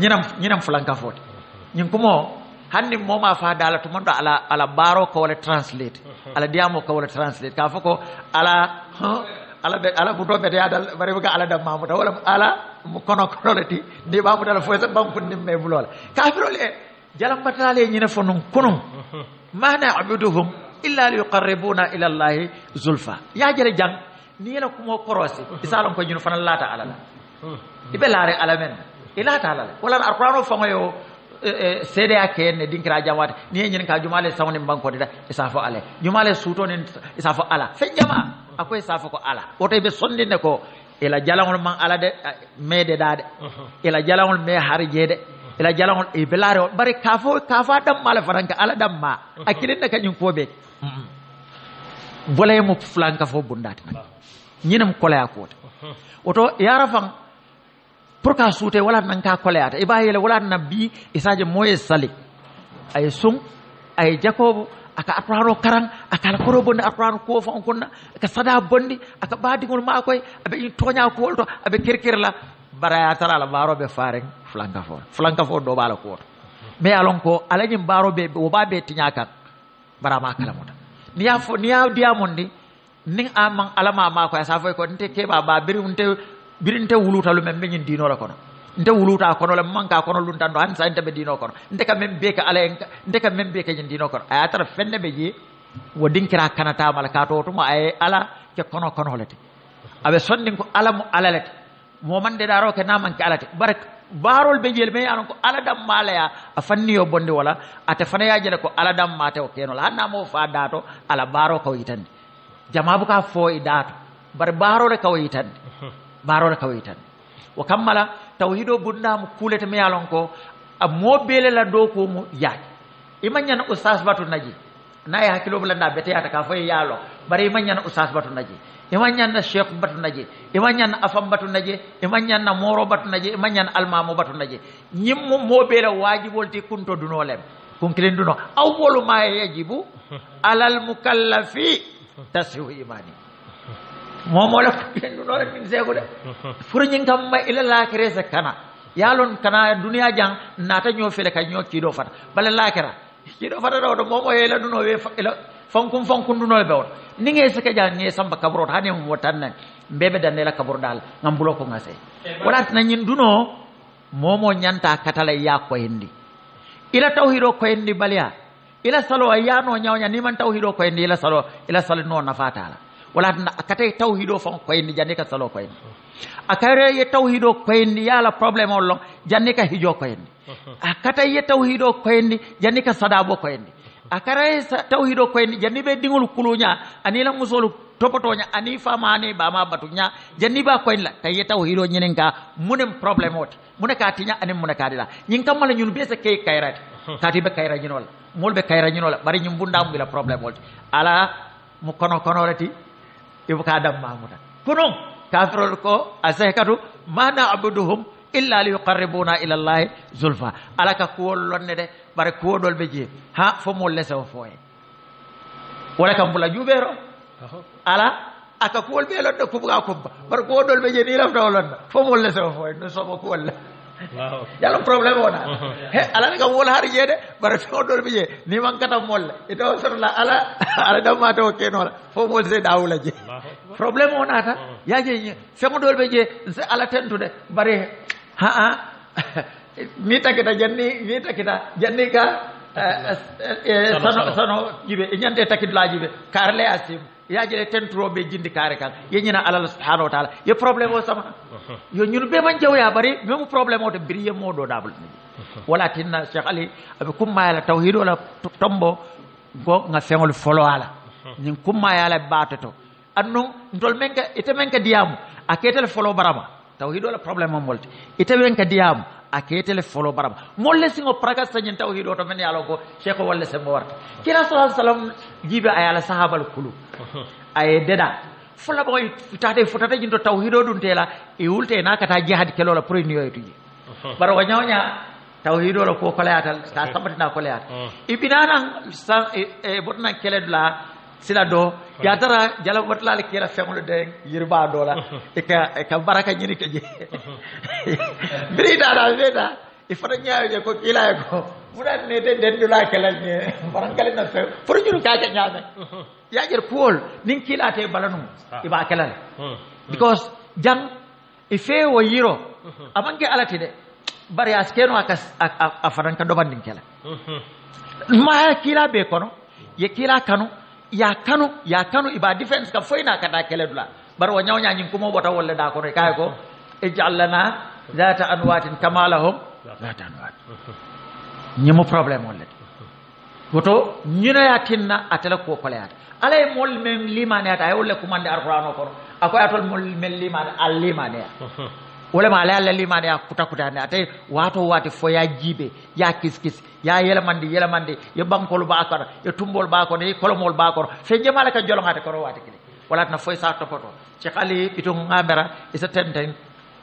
ñinam ñinam fulankafoote ñin kumo hannin moma fa dala tuma ɗo ala ala baro ko wala translate ala diyamo ko wala translate ka fo ko ala ala ala buto mbete yadal warimo ka ala dam mamouda wala ala mo kono konola ti ndi mamouda ala foye sa bankundim me bulola kafirole e jalambatale ñina fo nun kunum mana abuduhum illa liyuqarribuna ila llahi zulfa ya jele jang ni yela kumo korosi isalon ko ñun fana laata ala la ibe laare ala men ilata e alala walan arqurano fogoyo seede e, a keenne dinkira jamaate ni e ñinka jumale sawni bankode da isafo ala jumale suutoni isafo e ala fe jama a ko isafo ko ala woto ɓe sonndinde ko ila jalagol man ala de meede daade ila uh-huh. jalagol me hare jeede ila jalagol e belaare on bari kafo kafo a dammala fatanke ala damma uh-huh. a kilinne kañum koo ɓee volaye mo fulanka fo bundaate nag ñinem koloya koote uh-huh. woto yara fan pour qua suute wala nan ka koleyata e bayele wala na bi isadio moye sali aye sun aye jakobo aka atuwano karan aka alkoro bondi atuwano kofan kunna aka sada bondi aka badigol makoye aɓe in toña kuwol to aɓe kirkirla baraya tala ala baroɓe faren flankafo flankafo doɓala kuwoto mais alon ko alañin baroɓe wo ba ɓe tiña kan barama kalamuta niya fo niya diyamon ndi nin aman alama makoye asa foy ko nte keɓa ba biri nte Birinte uluta wuluta lu men be ñin diino la kono nte wuluta kono le manka kono lunta do han sa be dino kono nte ka men be ka ala nte ka men be ka ñin diino kono aya fenne be je wo dinkira kanata mala ka to tuma ay ala ke kono kono lete abe sondin ko ala mu ala lete mo man de daro ke naman ke ala te barak barol be jel me yaron ko ala dam mala ya a yo bonde wala ata fana ya jere ko ala dam mate o keno la na mo fa dato ala baro ko yitande jamabu ka fo i bar baro re ko yitande maarola kawoy tan o kammala taw hiɗo bunnamo kuulete meyalon ko a mobelela dow komo yaaji imañana oustas batu naji naye hakkiloomo lannda beteyata ka foye yaalo bare imañana oustas batu naji imañana cheikh batu naji imañana afam batu naji imañana moro batu naji imañana almamo batu naji ñimmo mobele waajibolti kunto dunolem kon kilen duno awwolu ma yajibu alal mucallafi tasrihu imanii momo la fuɗɗenɗuɗo en min seego de furiñin kam ma ila lakere se kana yalon kana duniya jang nata ño fele ka ño kiiɗo fata bala lakera kiiɗo fata ɗo ɗo momo yela ɗuno we ila fankun fankun ɗuno ɓe on ni ŋe sika ja ŋe samba kaburota hani mo tan nani mbeɓe dandela kaburoɗal ngam bulo ko ŋase wala tina ñin ɗuno momo ñanta katala ya koyendi ila tawhiɗo koyendi baliya ila salo a yano ñawña niman tawhiɗo koyendi ila salo ila salo no nafatala wala akata tawhid o fon koyndi jannde ka salo koyndi akara ye tawhid o koyndi yaala probléme o lon jannde ka hijo koyndi akata ye tawhid o koyndi jannde ka sadabo koyndi akara ye tawhid o koyndi janni ɓe ɗiŋol kuluña anila musolu topotoña ani fama ani bama batuña janni ba koyndi la taye tawhid o ñinen ka munen probléme ote mune ka tiña anin mune ka dila ñin kammala ñun ɓe se key kayrate kati ɓe kayra ñinola mool ɓe kayra ñinola ɓari ñin bundamum ɓila probléme olte ala mo kono konoreti ibu kadam mamuda kunung kafirol ko aseh kadu mana abuduhum illa liyuqarribuna ila llahi zulfa alaka kuwol lonne de bare kuwoɗol ɓe jee ha fo mo lese o foye wala kam bula juuɓeero ala aka kuwol ɓe lonɗo kuɓga kubba bare kuwoɗol ɓe jee ni lafta o lonɗa fo mo lese o foye no somo kuwolle yalo probléme wona he alani kam wol har yede bara to do biye ni man kata molle e do sor la ala ala do ma to ke nola fo mol se dawla je probléme wona ta oh. ya je se mo do be je se ala tentu de bare ha ha mi ta kita janni mi ta kita janni ka eh, eh, eh, sano sano jibe e nyande takit la jibe karle asim yajele tenturoɓe jindi kare kan yeñina alal subhanahu wa taala ye problem o sama yo ñun be man ya bari même probléme o to briye mo do dabul wala tinna cheikh ali aɓe kummayala tawhid wala tombo go nga sengol folo ala ñin kummayala ya to batato annu ndol menka ite menka ka diyamu a folo barama tawhid wala problem mo molte ite menka ka aketele folo baraba molle singo praga sañin tawhid to men yalo ko sheikh walle sembo warta ki rasul sallam wasallam jibe ayala sahabal kulu aye deda fula boy tata futata jindo tawhido dun tela e wulte na kata jihad kelola pro ni yoytuji baro wanyawnya tawhido la ko kala yatal ta sabatina kala yat ibinana sa e botna keledla sila do ya tara jala watla le kira fengol de yirba do la e ka e ka baraka nyiri ke je brida da beda e fara nyaayo je ko kila e ko mudan ne de den do la kala ne baran kala na fe furu juru ka ja nyaame ya jer pool nin kila te balanu e ba kala because jang e fe wo yiro amange alati de bari askeno akas afaran ka do bandin kala ma kila be kono ye kila kanu ya ya yatanu iba defense ka foyna da kele dula bar barwa nyawnya nyin kumo bota wala da ko re kay ko ij'al zata anwatin kama zata anwat ni mo problem wolle woto na yatinna atala ko ko yat ala e mol mem limane ata ay wolle kumande alquran ko akoy atol mol mel limane al limane wolema ala allah limade ya kuta kutande a tawi wato wate fo ya jiibe ya kiskis ya yelamande yelamande yo bankol bakoto yo tumbol bakoto yo kolomol bakoto fe jamala ka jolongate koro wate kile walatna foye sa topoto cekali ɓito gamera isa tenten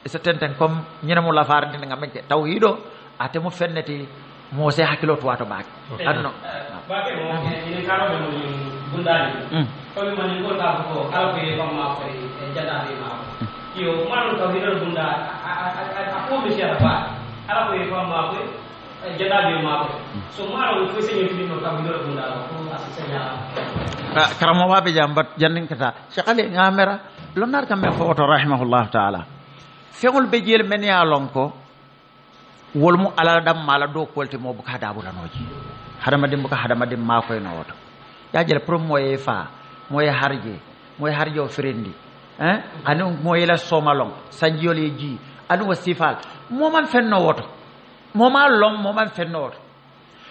isa tenten comme ñinemo lafare dine gam enke taw hiɗo atemo fennete mose hakkilo to wato baake adno gundani komi manin gotako ko kala koye bamma koye e jadaɓe mako Yo, man ka hirar bunda aku bisa apa? Apa yang ko yefa ma ko jada bi ma ko so mara ko sai yefi no ka hirar bunda ko asanya karamo wa jambat jangan kita. Sekali ngamera lonnar kam me fo rahimahullah ta'ala feŋol be jeel men ye a lon ko wol mu ala dam mala do kolte mo buka daabulanoji hadamadin buka hadamadin makoye no woto yajele ya, pour moye faa moye harje moye harje o Eh? ani moyila somalon sanjiyole ji ani wa sifal moman fenno woto moma lon moman fenno woto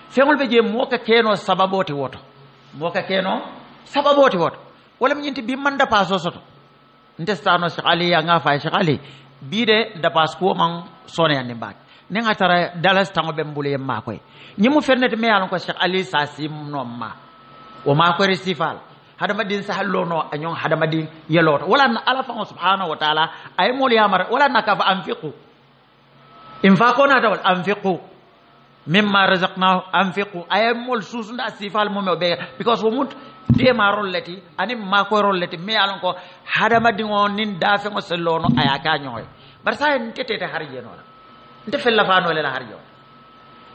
feŋol ɓe je moka keno sababoti woto moka keno sababoti woto walla mi ñinti bimman dapaso soto nte sano cheikh ali ya nga faye cheikh ali biide dapas kuwo man sone yanni mbake nen a tara dalas tango ɓen mbulu yen makoye ñimu fennete mi yalon ko cheikh ali sa simnon ma o makore sifal hadamadin sahallono a ñon hadamadin wala na ala fa subhanahu wa taala ay aye moolu wala na ka fa anfiqu infaqo na ko anfiqu mimma razaqna anfiqu ay mol susu nda sifal mo o because wo mut de demarol leti anin makoyrol leti me alon ko hadamadin hadamadiŋo nin da dafeŋo sellono aya ka ñogoy bari sa ntetete har jenola nte la har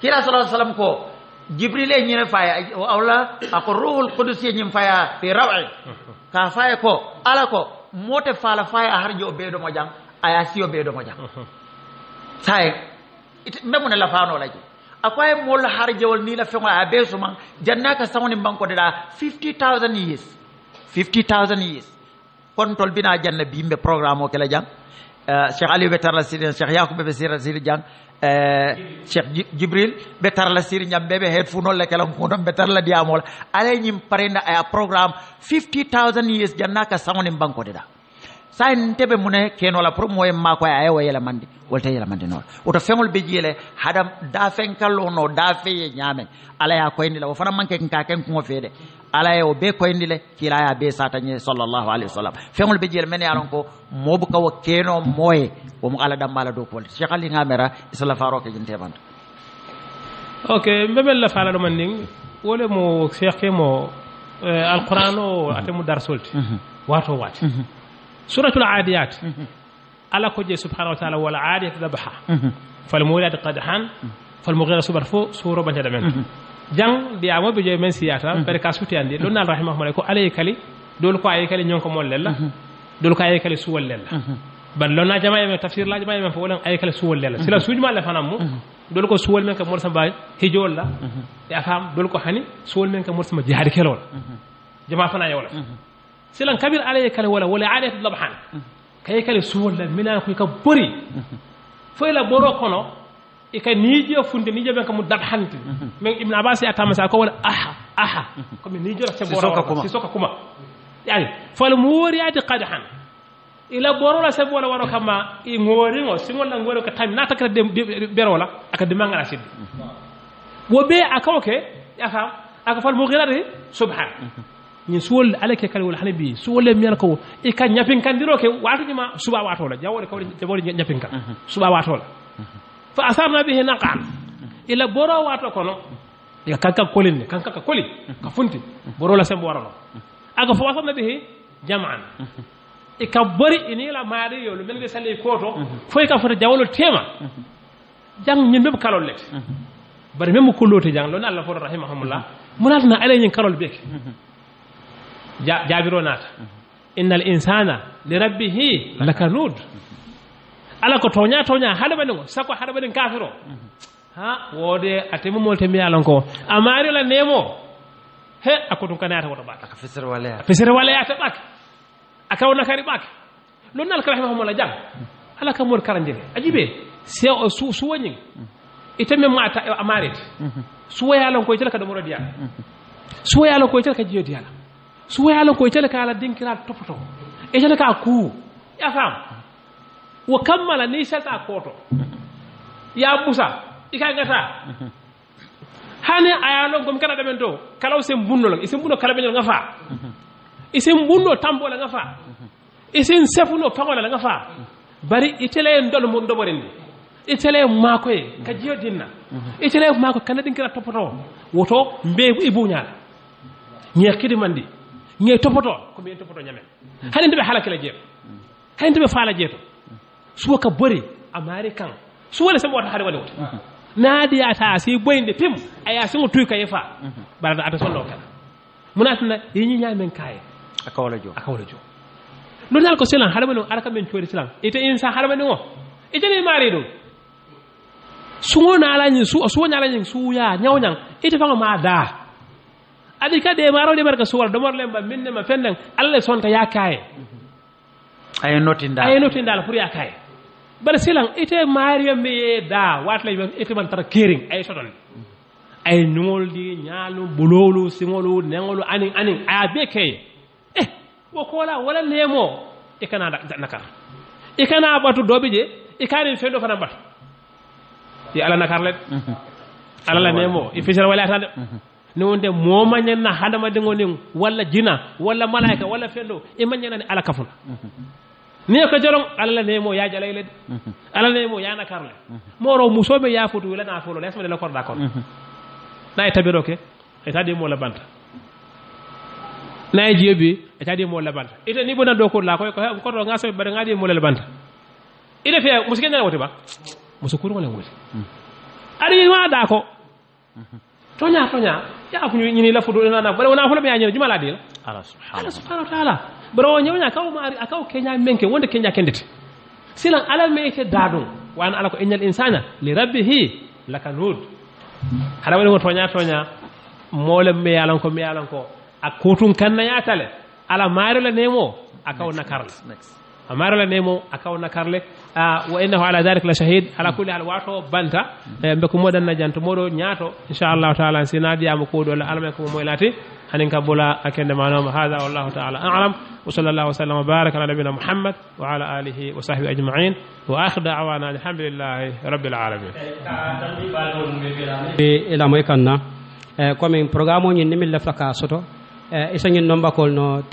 kira sallallahu alaihi wasallam ko jibril e ñine faya walla ako ruhul qudus e eh, ñim faya fi rawe ko ala ko mote fala faya har jo beedo mo jang aya siyo beedo mo jang saye memune lafano ni la 50000 years 50000 years kon tol bina programme o kala jang eh, cheikh aliou be tarla sidin cheikh yakouba Eh, cheikh jibril ɓe tarla siriñam ɓe ɓe heed fuu noon lekkelan kuɗon ɓe tarla diyamola alay ñim parenda aya programme fifty janna ka jannaka sagonin bankode ɗa sa en tebe mune kenola pour moyen mako a yewa mandi wolte mandi nola woto femol be jiyele haɗa da feŋ kallono da feye ñamen ala ya koyni la o fana manke ka ken kuŋo ala ye o bee koyndi le kiila ye a bee saatañe sallllahu alayhi wa sallam feŋol be jeele men ye lon ko moobu ka wo keenoo o womo ala damma ala dow poole cheikh ali ŋa mera isala faaro ke jintemanta ok mbe ɓen la faala ɗoman ndin wole mo cheikh ke mo alquran o ate mo darsolti waato waati suratul adiyat ala ko je subhanahu wa taala wala adiyat dabaha falmuliyat qadhan falmugira subar fo suuro ɓanteɗa men bi amo bi joy men siyata bare ka suti andi ɗon nan rahimahumala ko alay kali dol ko ay kali ko mol lella dol ko ay kali suwol lella ban na jama yeme tafsir la jama yeme fo wolen ay kali suwol lella sila suujuma la fanam mu dol ko suwol men ka mor samba hijowol la e a do ko hani suwol men ka mor jihad jihadi kelowol jama fana yewla sila kabir alay kali wala wala alay dhabhan kay kali suwol la minan ko ka bori fo la boro kono ika niijo funde niijo ɓen komo dat hanti min ibne abbas atama sa ko wona aha aha komi niijora cebsisoka kuma yani fole mo woriyade kadi han ila borola sabu wala waro kama i ŋooriŋo siŋolla ŋoori ko tami naata kata berola aka dimangana sidde wo ɓe akawo ke aka aka fole mugirade subhan ñin suwol ala ke kala wala hana bi suwole miyal ko i ka ñapinkandiro ke waatuñima suba waatola jawole kawle jawole ñapinkan suba waatola fa asarna bihi naqan ila boro wato kono ya kanka kolin kanka ka koli ka funti boro la sembo warano aga fa asarna bihi jam'an e ka bori ini la mari yo men be sale koto fo ka fota jawlo tema jang ñin be kalol lek bari meme ko lote jang lon Allah fodo rahimahumullah munatna ale ñin kalol bek ja jabiro nata innal insana li rabbihi lakanud ala ko toña toña haɗaɓane o sakko haɗaɓaɗen kafiro ha woode a temimol temi alanko amma ari la nemo he a kotum kanayata woto ɓaka fisere walayata ɓaka a kawna kari ɓaka lonna alkarahima homola jang ala ka mori karandire a jiɓe se o suwañin itemi mata amarete suwayalanko e tela ka ɗomoro diyala suwayalanko e tela ka jeyo diyala suwayalanko e tela ka ala dinkira topoto e tela ka kuu yafam wo kammala ni salta koto ya musa ika gata hani aya lon gom kana ɗamen to sem bundo la sem bundo kala kalaɓeñol nga sem bundo bunno tambola nga faa isen sefuno paŋola la nga fa bari itele ndol mum doɓorindi itele e ka jiyo dinna itele mako kala din kira topoto woto mbe i buñala ñe kidimandi ñe topoto ko mbiyen topoto ñamen hanin ndeɓe halakila jeb hanin ndibe fala jeto ka bore american su wala sama wata har wala wata na da ya ta sai boyin da fim a ya sun yi fa ba da ata sallo kana muna tana yin yin min kai aka wala jo aka wala jo no dal ko selan har wala arka men tuwa selan ita in sa har wala no ita ne mare do su wona ala nyin su su wona ala nyin su ya nyawnyan ita fa ma da adi ka de maro de barka suwar do morle ba minne ma fennan Allah son ta ya kai ayo notin dal ayo notin dal fur ya kai bare silan ite maariyam ye daa waata lañ ite man tara kéering ay sotol ay nuŋol di ñaalu buloolu siŋolu neŋolu aniŋ aniŋ aya bee keeye eh wo koola wala leemoo i kana da nakar i kana batu doobi je i kaani feŋ do fana bat i ala nakar le ala la neemoo i fisira wala ata de ni wonde moo mañen na hadamadiŋo niŋ walla jina walla malaika walla feŋ do i mañena ni ala kafuna ne ko jolon allah nemo yaaji alayla de allah nemo yanakarle moro musoɓe yafutu wilana folo lesmade la korɗa kon na e tabiro ke e taɗimo labanta na e jeebi e taɗimo labanta ite ni bonan dow kurla koy koto gasoɓe mbaɗa gaɗimo labanta ine fe musi kenñana wote ba muso kurgolen woti aɗa maɗa ko toña toña yafuñu ñini lafutu nana wona folo ɓe yañino jumaladi la ala subhanahu wa taala bro ñaka ko mari akaw kenya menke wonde keña kendete sila ala meyke daɗum wan ala ko innal insana li rabbihi lakanud haɗa waɗi ko toña toña mole mi yalan ko mi yalan ko a kotun kannayatale ala la nemo a kaw nakarle a la nemo a kaw nakarle wa innahu ala dhalik la shahid ala kulli hal wato banta eh, be e ko na jant moɗo nyaato inchallahu taala sina diyama koɗole alamay komo moylati هنن كبولا أكن ما نوم هذا والله تعالى أعلم وصلى الله وسلم وبارك على نبينا محمد وعلى آله وصحبه أجمعين وآخر دعوانا الحمد لله رب العالمين إلى ميكنا كومين برنامج نمل لفلكا سوتو إسنين نمبر كولنو 3789233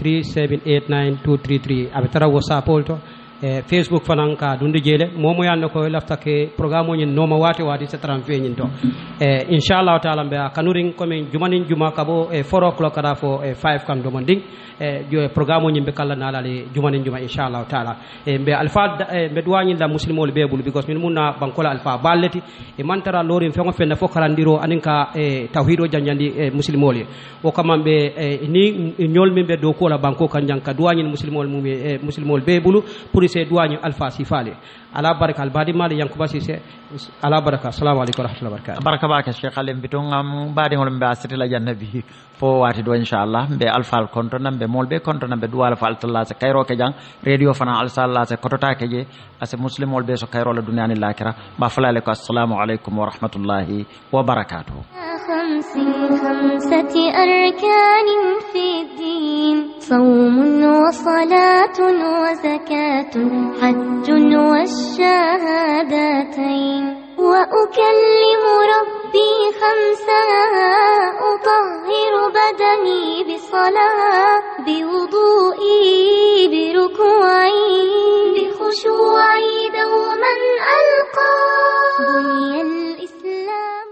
أبترا بولتو Eh, facebook fanan ka dunde jeele momo yanno ko laftake programme wate wadi waate tram fe feñin to e eh, inchallahu taala be kanurin komin jumanin juma bo e eh, four o'clock kada fo e five do domon ding e jo programme oñin ɓe kalla naalale jumanin juma inchallahu taala e be alfa mbe duwañilla la muslimo le bebul because min munna bankola alfa balleti e mantara lorin feŋo fenne fof karandiro anin ka e tawhido o janjandi e muslimo le ye o kaman ɓe e ni be do ko la banko kan jan ka duwañin muslimo le mum e musilme ol pour sise duwañu alpha sifale ala baraka albadi mali yankuba sise ala baraka assalamu aleykum wa rahmatullahi wa barakatuh baraka bake cheikh alem biton am badi ngol mbe asitila jannabi ko wati do inchallah mbe alfal konto nan mbe molɓe konto nan mbe duwala fa altalla so kayroke jang radio fana alsalla so kototake je ase muslimol ɓe so kayrola duniyani lakira ma falale ko assalamu aleykum wa rahmatullahi wa barakatuhu خمس خمسة أركان في الدين صوم وصلاة وزكاة حج والشهادتين وأكلم ربي خمسا أطهر بدني بصلاة بوضوئي بركوعي بخشوعي دوما ألقى بني الإسلام